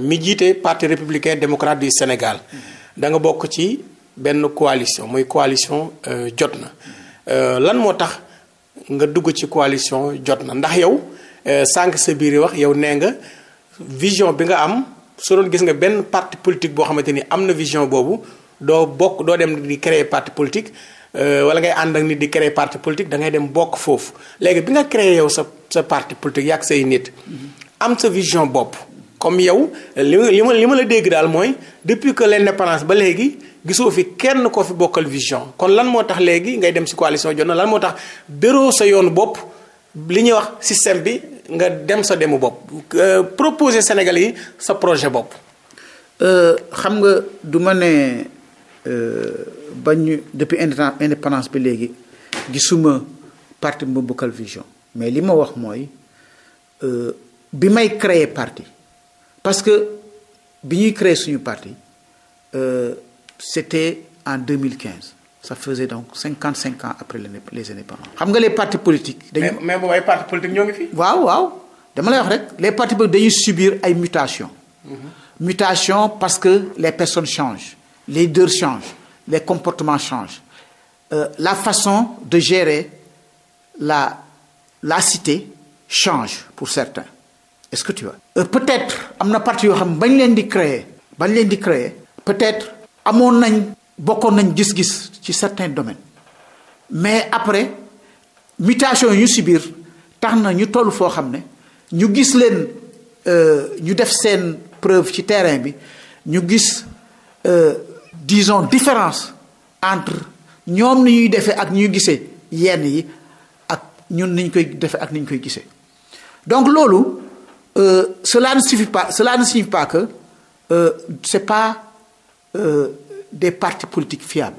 mi jiite parti républicain démocrate du Sénégal da bokk ci. benn coalition muy coalition euh, jot na euh, lan moo tax nga dugg ci coalition jot na ndax yow euh, sànq sa biir wax yow nee nga vision bi nga am su doon gis nga benn parti politique boo xamante ni am na vision boobu doo bokk doo dem di créer parti politique wala ngay ànd ak nit di créer parti politique da ngay dem bokk foofu léegi bi nga créer yow sa sa parti politique yàgg say nit mhm. am sa vision bopp. comme yow li li ma li ma la dégg daal mooy depuis que l'indépendance ba léegi gisoo fi kenn ko fi bokkal vision kon lan moo tax léegi ngay dem ci coalition Diono lan moo tax dëroo sa yoon bopp li ñuy wax système bi nga dem sa demu bopp euh, proposer Sénégal yi sa projet bopp. Euh, xam nga du ma ne euh, ba ñu depuis indépendance bi léegi gisuma parti bu bokkal vision mais li ma wax mooy bi may créer parti. parce que bi ñuy créer suñu parti euh, c'était en 2015 ça faisait donc 55 ans après les indépendants xam nga les parti politiques. dañu mais mais boobu ay partis politiques ñoo ngi fi. waaw waaw dama lay wax rek les partis politiques dañuy subir ay mutations. mm parce que les personnes changent les leaders changent les comportement change euh, la façon de gérer la la cité change pour certains. est-ce que tu vois. Euh, peut-être am na parti yoo xam bañ leen di créer bañ leen di créer peut-être amoon nañ bokkoon nañ gis-gis ci certains domaines mais après mutation yu ñu subir tax na ñu toll foo xam ne ñu gis leen euh, ñu def seen preuve ci terrain bi ñu gis euh, dison différence entre ñoom ni ñuy defee ak ñuy gisee yenn yi ak ñun ni ñu koy defee ak ni ñu koy gisee donc loolu. euh, cela ne suffit pas cela ne signifie pas que euh, c'est pas euh, des partis politiques fiables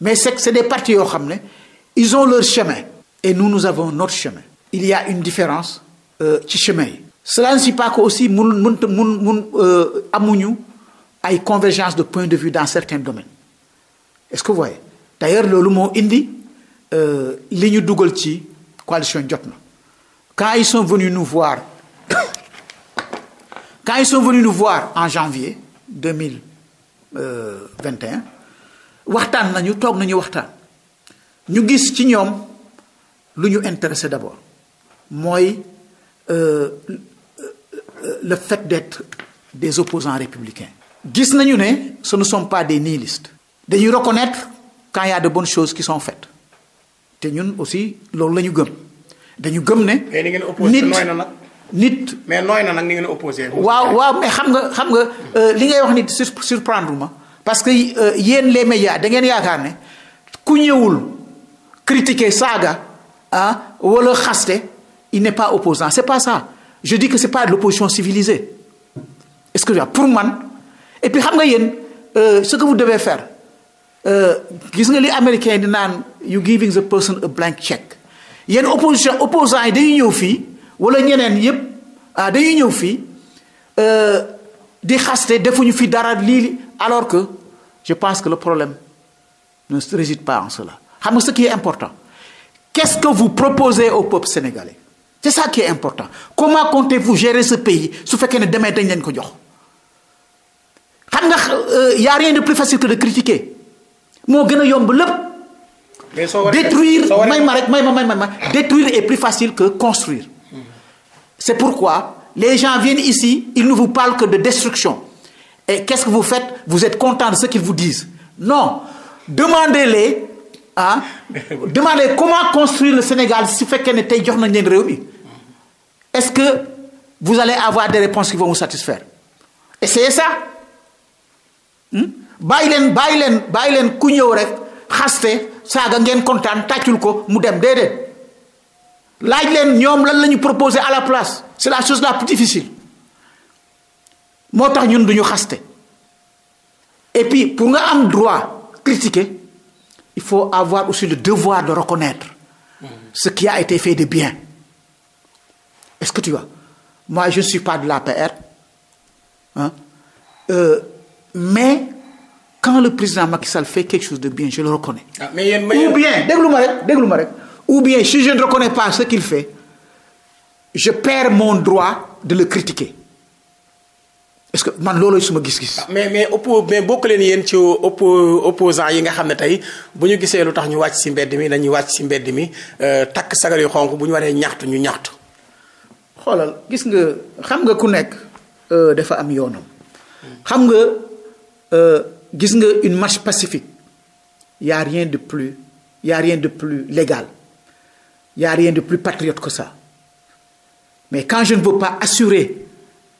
mais c'est que des partis yoo xam ne ils ont leur chemin et nous nous avons notre chemin il y a une différence euh, ci chemin yi cela ne signifie pas que aussi mun mun mun mun amuñu ay convergence de point de vue dans certains domaines est-ce que vous voyez d'ailleurs loolu moo indi li ñu dugal ci coalition Jotna quand ils sont venus nous voir Quand ils sont venus nous voir en janvier 2021 euh, waxtaan nañu toog nañu waxtaan ñu gis ci ñoom lu ñu intéressé d'abord mooy euh, le fait d'être des opposants républicains gis nañu ne ce ne sont pas des nihilistes dañuy reconnaître quand il de bonnes choses qui sont faites te ñun aussi loolu lañu ñu gëm dañu gëm ne nit nit. mais nooy na nag ni ngeen opposé. waaw waaw mais xam nga xam nga euh, li ngay wax nit surprendre ma parce que euh, yéen les médias da ngeen yaakaar ne ku ñëwul critiquer saaga ah wala xaste il n'est pas opposant c'est pas ça je di que c'est pas de l'opposition civilisée est-ce que pour man et xam nga yéen euh, ce que vous devez faire gis nga li américain di naan you giving the person a blank check yenn opposition opposant yi day ñëw fii. wala ñeneen yépp ah dañuy ñëw fii euh, di xaste defuñu fi dara lii alors que je pense que le problème ne réside pas en cela xam nga ce qui important qu'est-ce que vous au peuple sénégalais c'est ça qui important comment comptez-vous gérer ce pays su fekkee ne demee dañ leen ko jox xam nga euh, y a rien de plus facile que de critiquer moo gën a yomb lépp. mais détruire may ma rek may ma may ma détruire est plus facile que construire. C'est pourquoi les gens viennent ici, ils ne vous parlent que de destruction. Et qu'est-ce que vous faites Vous êtes content de ce qu'ils vous disent. Non. Demandez-les ah <laughs> demandez comment construire le Sénégal si fekkee ne tey jox nañ leen réew est-ce que vous allez avoir des réponses qui vont vous satisfaire essayez ça hmm? bàyyi leen bay leen bàyyi leen ku ñëw rek xaste saaga ngeen kontaan tàccul ko mu dem déedéet. laaj leen ñoom lan la ñu proposé à la place c'est la chose la plus difficile moo tax ñun duñu xaste et puis pour nga am droit critiquer il faut avoir aussi le devoir de reconnaître mm-hmm. ce qui a été fait de bien est-ce que tu vois moi je ne suis pas de l'APR hein euh, mais quand le président Macky Sall fait quelque chose de bien je le reconnais. Ah, mais yéen ou bien déglu ma rek déglu ma rek. ou bien si je ne reconnais pas ce qu'il fait je perds mon droit de le critiquer est-ce que man loolu su ma gis-gis. Ah, mais mais oppo mais bokk leen yéen ci oppo opposant yi nga xam ne tey bu ñu gisee lu tax ñu wàcc si mbedd mi dañuy wàcc si mbedd mi euh, takk sagar yu xonq bu ñu waree ñaxtu ñu ñaxtu. xoolal gis nga xam nga ku nekk euh, dafa am yoonam. xam nga euh, gis nga une marche pacifique y rien de plus y rien de plus légal. y a rien de plus patriote que ça mais quand je ne veux pas assurer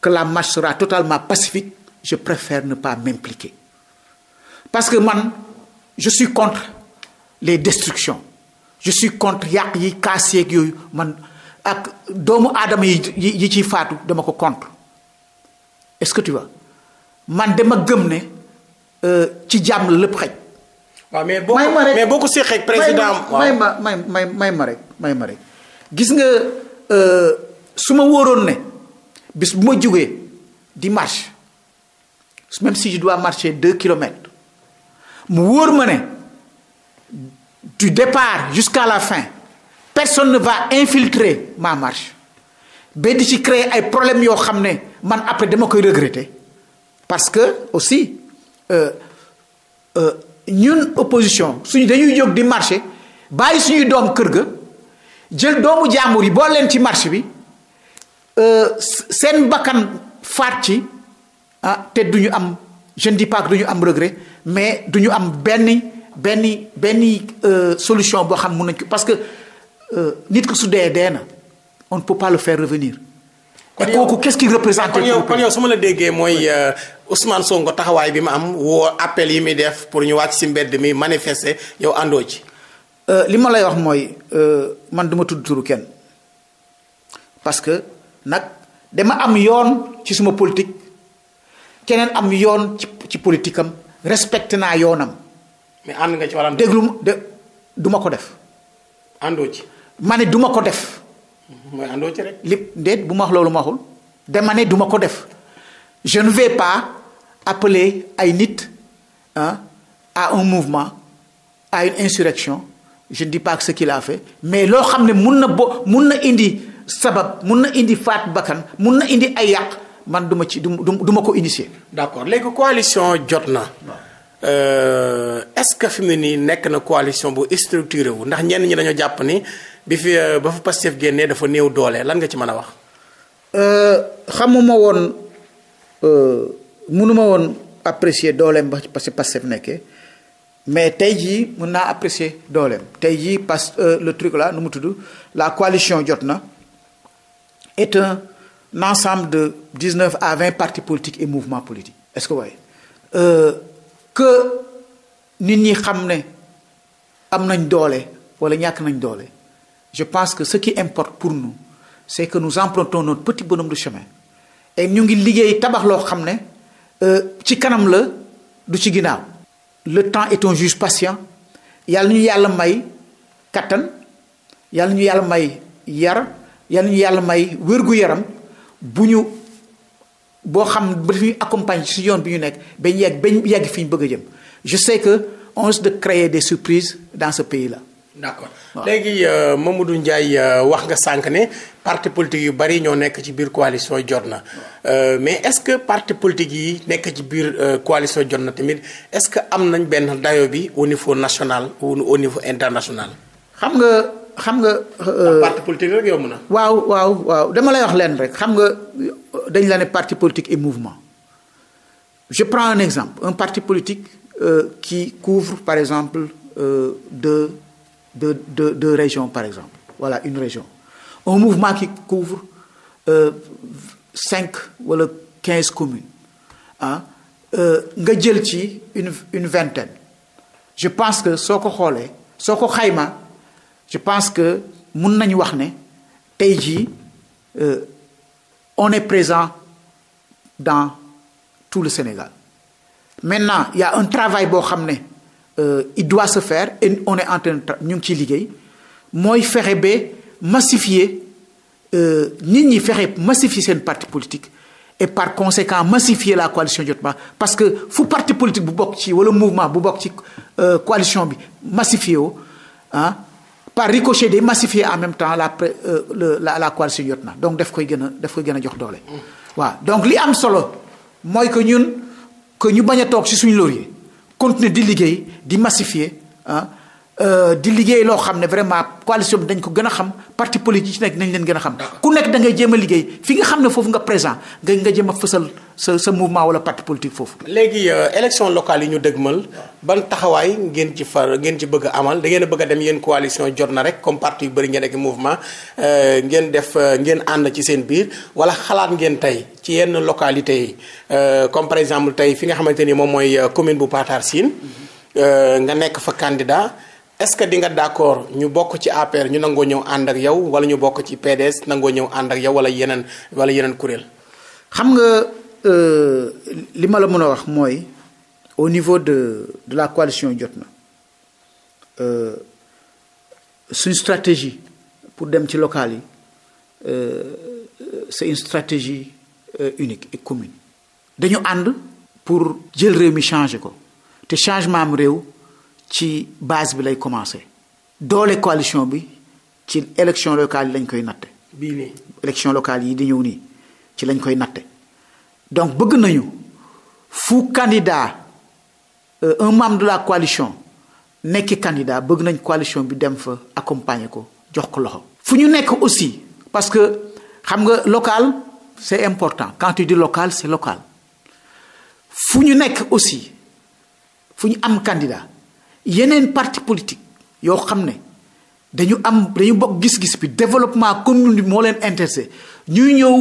que la marche sera totalement pacifique je préfère ne pas m'impliquer parce que man je suis contre les destructions je suis contre yàq yi kaas yeeg yooyu man ak doomu aadama yi yi ciy faatu dama ko contre est-ce que tu vois man dama gëm ne euh, ci jàmm la lépp xaj waaw mais boo ko mais boo ko séqee président may ma ma rek may ma rek gis nga euh, su ma wóoroon ne bis bu ma jógee di marche même si je dois marcher deux kilomètres mu wóor ma ne du départ jusqu'à la fin personne ne va infiltrer ma marche ba di ci créer ay problèmes yoo xam ne man après dama koy regretter parce que aussi. Euh, euh, ñun opposition suñu dañuy jóg di marché bàyyi suñuy doom kër ga jël doomu jàmbur yi boo leen ci marché bi euh, seen bakkan faat ci ah te du ñu am jeune ne dis du ñu am regret mais du ñu am benn benn benn euh, solution boo xam mun nañ ko parce que euh, nit ko su dee dee na on ne peut pas le faire revenir kon yow kooku qu'est-ce qu'il représente. kon yow kon su ma la déggee mooy euh, Ousmane Sonko taxawaay bi ma am woo appel yi muy def pour ñu wàcc si mbedd mi manifester yow àndoo ci. Euh, li ma lay wax mooy euh, man duma tudd turu kenn parce que nag dama am yoon ci suma politique keneen am yoon ci ci politique am respecté naa yoonam. mais ànd nga ci wàllum déglu de du ko def. àndoo ci. ma ne du ko def. mooy àndoo ci lépp déet bu ma wax loolu ma waxul dama ne du ko def je ne vais pas appeler ay nit ah à un mouvement à une insurrection je ne dis pas que ce qu'il a fait mais loo xam ne mun na bo mun na indi sabab mun na indi faat bakkan mun na indi ay yàq man duma ci du du ma ko initier. d'accord léegi coalition jot na. Euh, ce que fi mu ne nii nekk na coalition bu structuré wu ndax ñenn ñi dañoo jàpp ni bi fi euh, ba fa Pastef génnee dafa néew doole lan nga ci man a wax. Euh, xamuma woon euh, mënuma woon apprécier dooleem ba parce que Pastef nekkee mais tey jii mën naa apprécier dooleem tey jii parce que le truc là nu mu tudd la coalition jot na est un ensemble de 19 à 20 partis politiques et mouvements politiques est-ce que waaye euh, que nit ñi xam ne am nañ doole wala ñàkk nañ doole. je pense que ce qui importe pour nous c'est que nous empruntons notre petit bonhomme de chemin et ñu ngi liggéey tabax loo xam ne euh, ci kanam la du ci ginnaaw le temps est un juge patient yàlla ñu yàlla may kattan yàlla ñu yàlla may yar yàlla ñu yàlla may wér-gu-yaram bu ñu boo xam ba dañuy accompagner ci yoon bi ñu nekk bañ yegg bañ yàgg fi ñu bëgg a jëm je sais que on de créer des surprises dans ce pays la d' accord léegi euh, Mamadou Ndiaye euh, wax nga sànq ne parti politique yu bari ñoo nekk ci biir coalition Jotna euh, mais est ce que parti politique yi nekk ci biir coalition na tamit est ce que am nañ benn dayo bi au niveau national ou au niveau international. xam nga xam nga. parti politique rek yomb na. waaw waaw waaw dama lay wax leen rek xam nga dañ la ne parti politique et mouvement je prends un exemple un parti politique euh, qui couvre par exemple euh, deux. de de de régions par exemple voilà une région un mouvement qui couvre euh, cinq wala quinze communes ah euh, nga jël ci une une vingtaine je pense que soo ko xoolee soo ko xayma je pense que mun nañu wax ne tey jii euh, on est présent dans tout le Sénégal maintenant il y a un travail boo xam ne. euh, il doit se faire et on est en train ñu ngi ciy liggéey mooy fexe ba massifier euh, nit ñi fexe massifier seen parti politique et par conséquent massifier la coalition Jotba parce que fu parti politique bu bokk ci wala mouvement bu bokk ci euh, coalition bi massifier woo ah par ricochet day massifier en même temps la pré euh, la la coalition Jotna donc daf koy gën a daf koy gën a jox doole. Mm. waaw donc li am solo mooy que ñun que ñu bañ a toog si suñu laurier continuer di liggéey di massifier ah Euh, di liggéey loo xam ne vraiment coalition bi dañ ko gën a xam parti politique yi nekk nañ leen gën a xam. ku nekk da ngay a liggéey fi nga xam ne foofu nga présent nga nga jéem a sa sa wala parti politique foofu. léegi euh, élection locale yi ñu dëgmal ban taxawaay ngeen ci far ngeen ci bëgg a amal da ngeen bëgg dem yéen coalition jot na rek comme parti yu bëri ngeen ak euh, ngeen def ngeen ànd ci seen biir wala xalaat ngeen tey ci yenn localité yi comme par exemple tey fi nga xamante ni moom mooy commune bu Patar Sine mm-hmm. nga nekk fa candidat. est-ce que di nga d'accord ñu bokk ci APR ñu nangoo ñëw ànd ak yow wala ñu bokk ci PDS nangoo ñëw ànd ak yow wala yeneen wala yeneen kuréel. xam nga euh, li ma la mën a wax mooy au niveau de de la coalition jot na euh, suñ stratégie pour dem ci local yi euh, c'est une stratégie unique et commune. dañu ànd pour jël réew mi changer ko te changement am réew. ci base bi lay commencé doole coalition bi ci élection locale yi lañ koy natte bii nii élection locale yi di ñëw nii ci lañ koy natte donc bëgg nañu fu candidat euh, un membre de la coalition nekk candidat bëgg nañ coalition bi dem fa accompagner ko jox ko loxo. fu ñu nekk aussi parce que xam nga local c'est important quand tu locale local c'est local fu ñu nekk aussi fu ñu am candidat. yeneen parti politique yoo xam ne dañu am dañu bokk gis-gis bi développement commune bi moo leen intéressé ñuy ñëw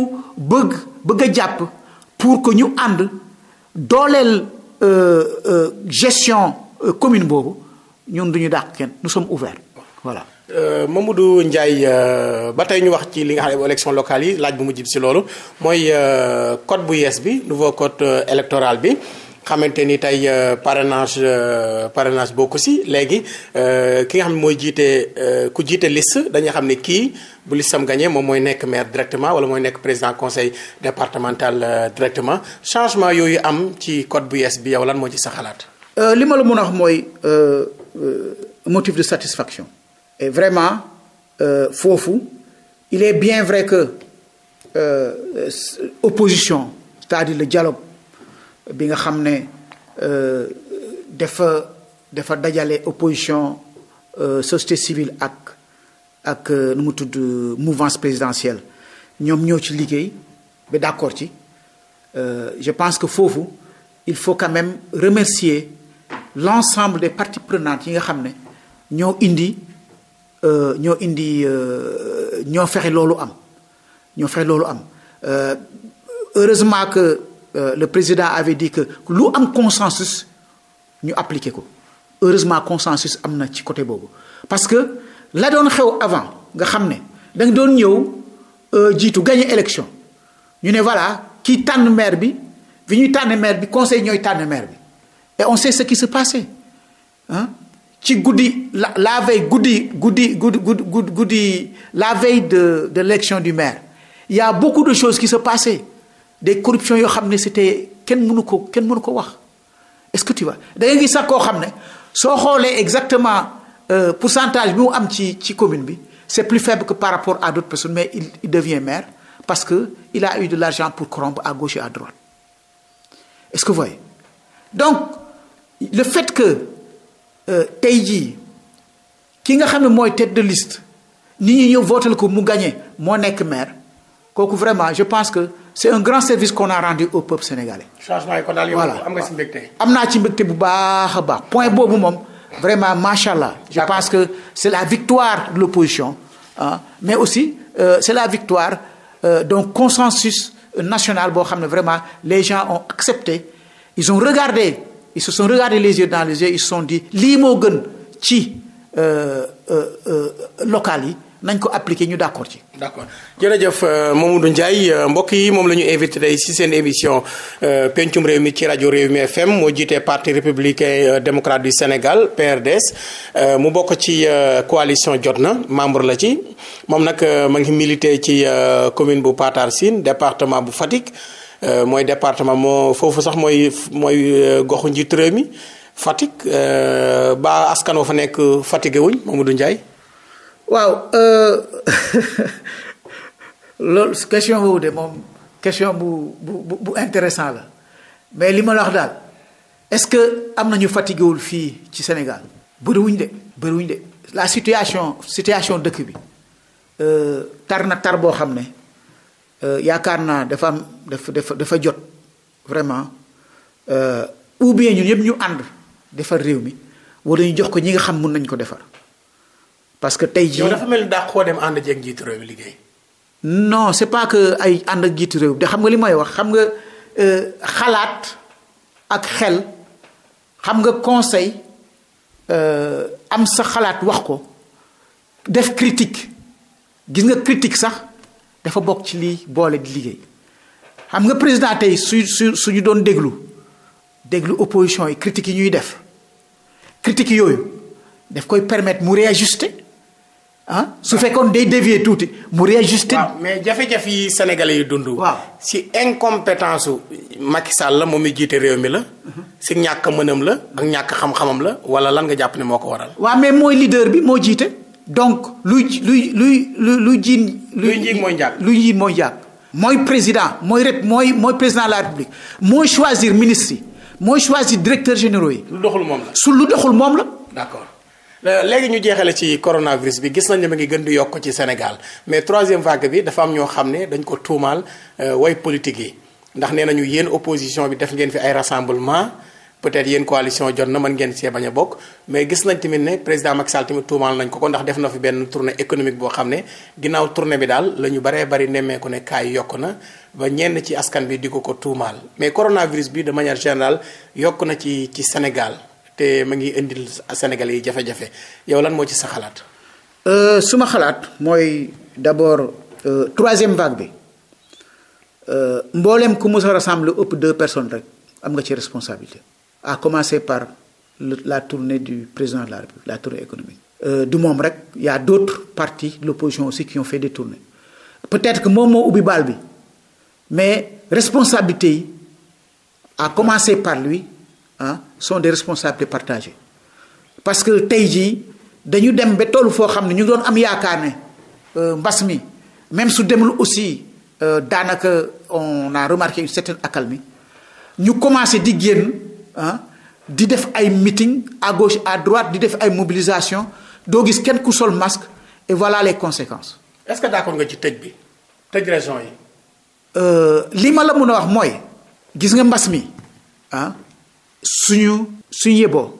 bëgg bëgg jàpp pour que ñu ànd dooleel euh, euh, gestion euh, commune boobu ñun du ñu dàq kenn nous sommes ouverts voilà. Mamadou Ndiaye ba tey ñu wax ci li nga xam ne bu élection locale yi laaj bu mu jib si loolu mooy code bu yees bi nuveau code électoral bi. xamante ni tey euh, parrainage euh, parrainage bokku si léegi euh, ki nga xam ne mooy jiite ku jiite list dañuy xam ne kii bu listam gagné moom mooy nekk maire directement wala mooy nekk président conseil départemental directement changement yooyu am ci code bu yees bi yow lan moo ci sa xalaat. li ma la mun a wax mooy motif de satisfaction. et vraiment euh, foofu il est bien vrai que euh, opposition c'est-à-dire le dialogue bi nga xam ne euh, dafa dafa dajale opposition euh, société civile ak ak euh, nu mu tudd mouvance présidentielle ñoom ñoo ci liggéey ba d'accord ci je pense que foofu il faut quand même remercier l'ensemble des parties prenantes yi nga xam ne ñoo indi ñoo indi ñoo fexe loolu am ñoo fexe loolu am heureusement que Euh, le président avait di que lu am consensus ñu appliquer ko heureusement consensus am na ci côté boobu parce que la doon xew avant nga xam ne da nga doon ñëw euh, jiitu gagner élection ñu ne voilà kii tànn maire bi bi ñuy tànn maire bi conseil ñooy tànn maire bi et on sait ce qui se passait ah ci guddi la la veille guddi guddi guddi guddi guddi la veille de de l'élection du maire il y a beaucoup de choses qui se passaient des corruptions yoo xam ne c'était kenn mënu ko kenn mënu ko wax est-ce que tu vois da nga sax koo xam ne soo xoolee exactement euh, pourcentage bi mu am ci ci commune bi c'est plus faible que par rapport à d'autres personnes mais il, il devient maire parce que il a eu de l'argent pour corrompre à gauche à droite est-ce que vous donc le fait que euh, tey jii ki nga xam ne mooy tête de liste nit ñi ñëw votal ko mu gagné moo nekk maire kooku vraiment je pense que c'est un grand service qu'on a rendu au peuple sénégalais. changement yi am na ci mbégte. naa ci mbégte bu baax baax point boobu moom vraiment macha allah. je pense que c'est la victoire de l'opposition ah mais aussi euh, c'est la victoire euh, d'un consensus national boo xam ne vraiment les gens ont accepté ils ont regardé ils se les yeux dans les yeux ils se sont dit lii moo gën ci euh, euh, euh, local yi. nañ ko appliquer ñu d' accord ci. d' accord jërëjëf euh, Mamadou Ndiaye euh, mbokk yi moom la ñu invité tey si seen émission euh, pencum réew mi ci rajo réew mi FM moo jiite parti républicain démocrate du Sénégal PRDS mu bokk ci coalition na membre la ci moom nag ma ngi milité ci commune bu Patar Sine département bu Fatick mooy département moo foofu sax mooy mooy goxu njiit réew mi Fatick ba askan wa fa nekk fatigué wuñ Mamadou Ndiaye. waaw euh, <laughs> loolu question woowu de moom question bu bu bu intéressant la mais li ma la wax daal est-ce que am na ñu fatigué fii ci Sénégal bëriwuñ de bëriwuñ de la situation situation dëkk bi euh, tar na tar boo xam ne euh, yaakaar naa dafa am dafa dafa dafa jot vraiment ou bien ñun ñëpp ñu ànd defar réew mi wala ñu jox ko ñi nga xam mun nañ ko defar. parce que tey jii yow dafa mel ni daa koo dem ànd jeeg njiitu réew mi liggéey. non c'est pas que ay ànd ak njiitu réew de xam nga li may wax xam nga euh, xalaat ak xel xam nga conseil euh, am sa xalaat wax ko def critique gis nga critique sax dafa bokk ci lii boole di liggéey xam nga président tey su su suñu doon déglu déglu opposition yi critiques yi ñuy def critiques yooyu daf koy permettre mu réajuster ah su fekkoon day dévier tuuti mu réajuster. mais jafe-jafe yi sénégalais yi dund. waaw si incompétence su Macky Sall la moom mi jiite réew mi la. si ñàkk mënam la. ak ñàkk xam-xamam la. wala lan nga jàpp ne moo ko waral. waa mais mooy leader bi moo jiite. donc luy luy luy luy jiin. luy njiin mooy njàpp luy njiin mooy njàpp. mooy président mooy rep mooy mooy président de la république mooy choisir ministre yi mooy choisir directeur généraux yi. lu doxul moom la su lu doxul moom la. d'accord. Euh, léegi ñu jeexale ci coronavirus bi gis nañ ne ma ngi gën di yokk ci Sénégal mais troisième vague bi dafa am ñoo xam ne dañ ko tuumaal euh, way politique yi ndax nee nañu yéen opposition bi def ngeen fi ay rassemblement peut-être yéen coalition jot na mën ngeen see bañ a bokk mais gis nañ tamit ne président Macky Sall tamit tuumaal nañ ko ko ndax def na fi benn tournée économique boo xam ne ginnaaw tournée bi daal la ñu bari nemmeeku ne kaay yokk na ba ñenn ci askan bi di ko ko tuumaal mais coronavirus bi de manière générale yokk na ci ci Sénégal. te ma ngi indil Sénégalais yi jafe-jafe yow lan moo ci sa xalaat. Euh, suma xalaat mooy d'abord euh, troisième vague bi euh, mbooleem ku mos a rassemble ëpp deux personnes rek am nga ci responsabilité à commencé par lu la tournée du président de la République la tournée économie euh, du moom rek yaa a d'autres partis de l'opposition aussi qui ont fait des tournées peut-être que moom moo ubbi baal bi mais responsabilité yi à commencé par lui. ah sont des responsabilités partagées parce que tey jii dañu dem ba toolu foo xam ne ñu doon am yaakaar ne euh, mbas mi même su demul aussi euh, daanaka on a remarqué une certaine accalmie ñu commencé di génn ah di def ay meeting à gauche à droite di def ay mobilisation doo gis kenn ku sol masque et voilà les conséquence est-ce que d'accord nga ci tëj bi tëj raison yi. Euh, lii ma la mun a wax mooy gis nga mbas mi suñu su yeboo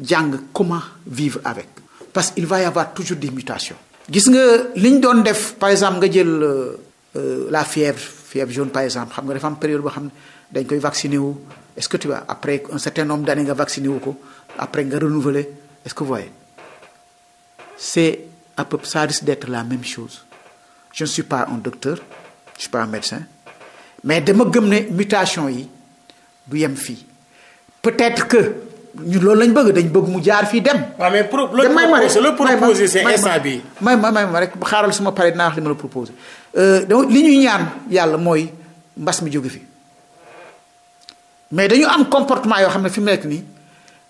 jàng comment vivre avec parce qu'il va y avoir toujours des mutations gis nga li ñu doon def par exemple nga jël euh, euh, la fièvre fièvre jaune par exemple xam nga dafa am période boo xam ne dañ koy vacciner wu est-ce que tu vois après un certain nombre d'années nga vacciner wu ko après nga renouveler est-ce que vous voyez c'est à peu ça d'être la même chose je ne suis pas un docteur je suis pas un médecin mais dama gëm ne mutation yi du yem fii peut-être que ñu loolu lañ bëgg dañ bëgg mu jaar fii dem. waaw mais pro loolu proposé loolu proposé bi may ma may ma rek xaaral suma pare dinaa wax li ma la proposé. Euh, li ñuy ñaan yàlla mooy mbas mi jóge fi mais dañu am comportement yoo xam ne fi mu nekk nii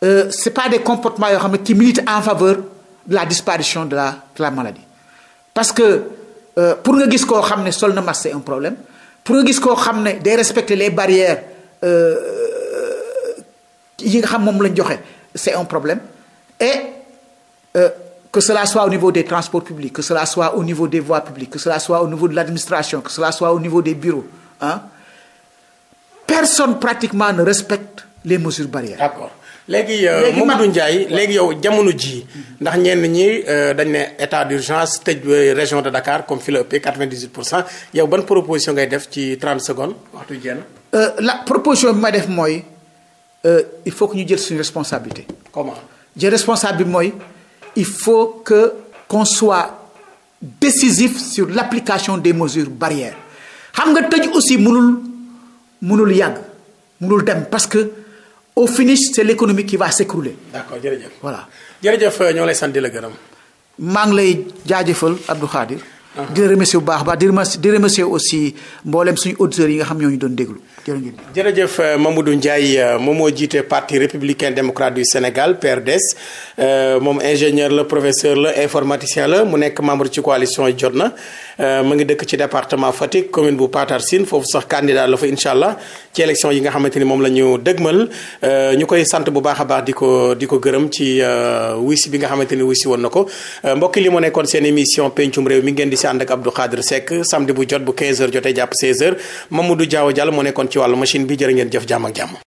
euh, c'est pas des comportement yoo xam ne qui militent en faveur de la disparition de la de la maladie. parce que euh, pour nga gis koo xam ne sol na masque c'est un problème pour nga gis koo xam ne day respecter les barrières. yi nga xam moom lañ joxe c'est un problème e euh, que cela soit au niveau des transports publics que cela soit au niveau des voies publiques que la soit au niveau de l'administration que cela soit au niveau des bureaux personne pratiquement ne respecte les mesures barrières. d'accord léegi euh, Mamadou Ndiaye léegi yow jamono jii ndax ñenn ñi euh, dañ ne état d'urgence tëj euh, région de Dakar comme fi la ëppee pour cent yow ban proposition ngay def ci 30 secondes waxtu jenn la proposition bi may def mooy. Euh, il faut que ñu jël suñu responsabilité. comment jël responsable mooy il faut que qu'on soit décisif sur l'application des mesures barrières xam nga tëj aussi munul mënul yàgg mënul dem parce que au finish c'est l'économie qui va s'écrouler. d'accord jërëjëf. voilà jërëjëf ñoo lay sant di la gërëm. maa ngi lay jaajëfal Abdou di la remercier bu baax ba di remercier di remercier aussi mboolem suñu auditeurs yi nga xam ñoo ñu doon déglu jërë ngeen jërëjëf euh, Mamadou Ndiaye euh, moom moo jiite parti républicain démocrate du Sénégal PRDS euh, moom ingénieur la professeur la informaticien la mu nekk membre ci coalition na Euh, mu ngi dëkk ci département Fatick commune bu Patar Sine foofu sax candidat la fa incha allah ci élection yi nga xamante ni moom la ñu dëgmal euh, ñu koy sant bu baax a baax di ko di ko gërëm ci euh, wisi bi nga xamante ni wisi woon na ko mbokki li mu nekkoon seen émission pencum réew mi ngeen di si ànd ak Abdou Khadre Seck samedi bu jot bu 15h jotee jàpp 16h Mamadou Diaw Diallo moo nekkoon ci wàllu machine bi jërë ngeen jëf jàmm ak jàmm.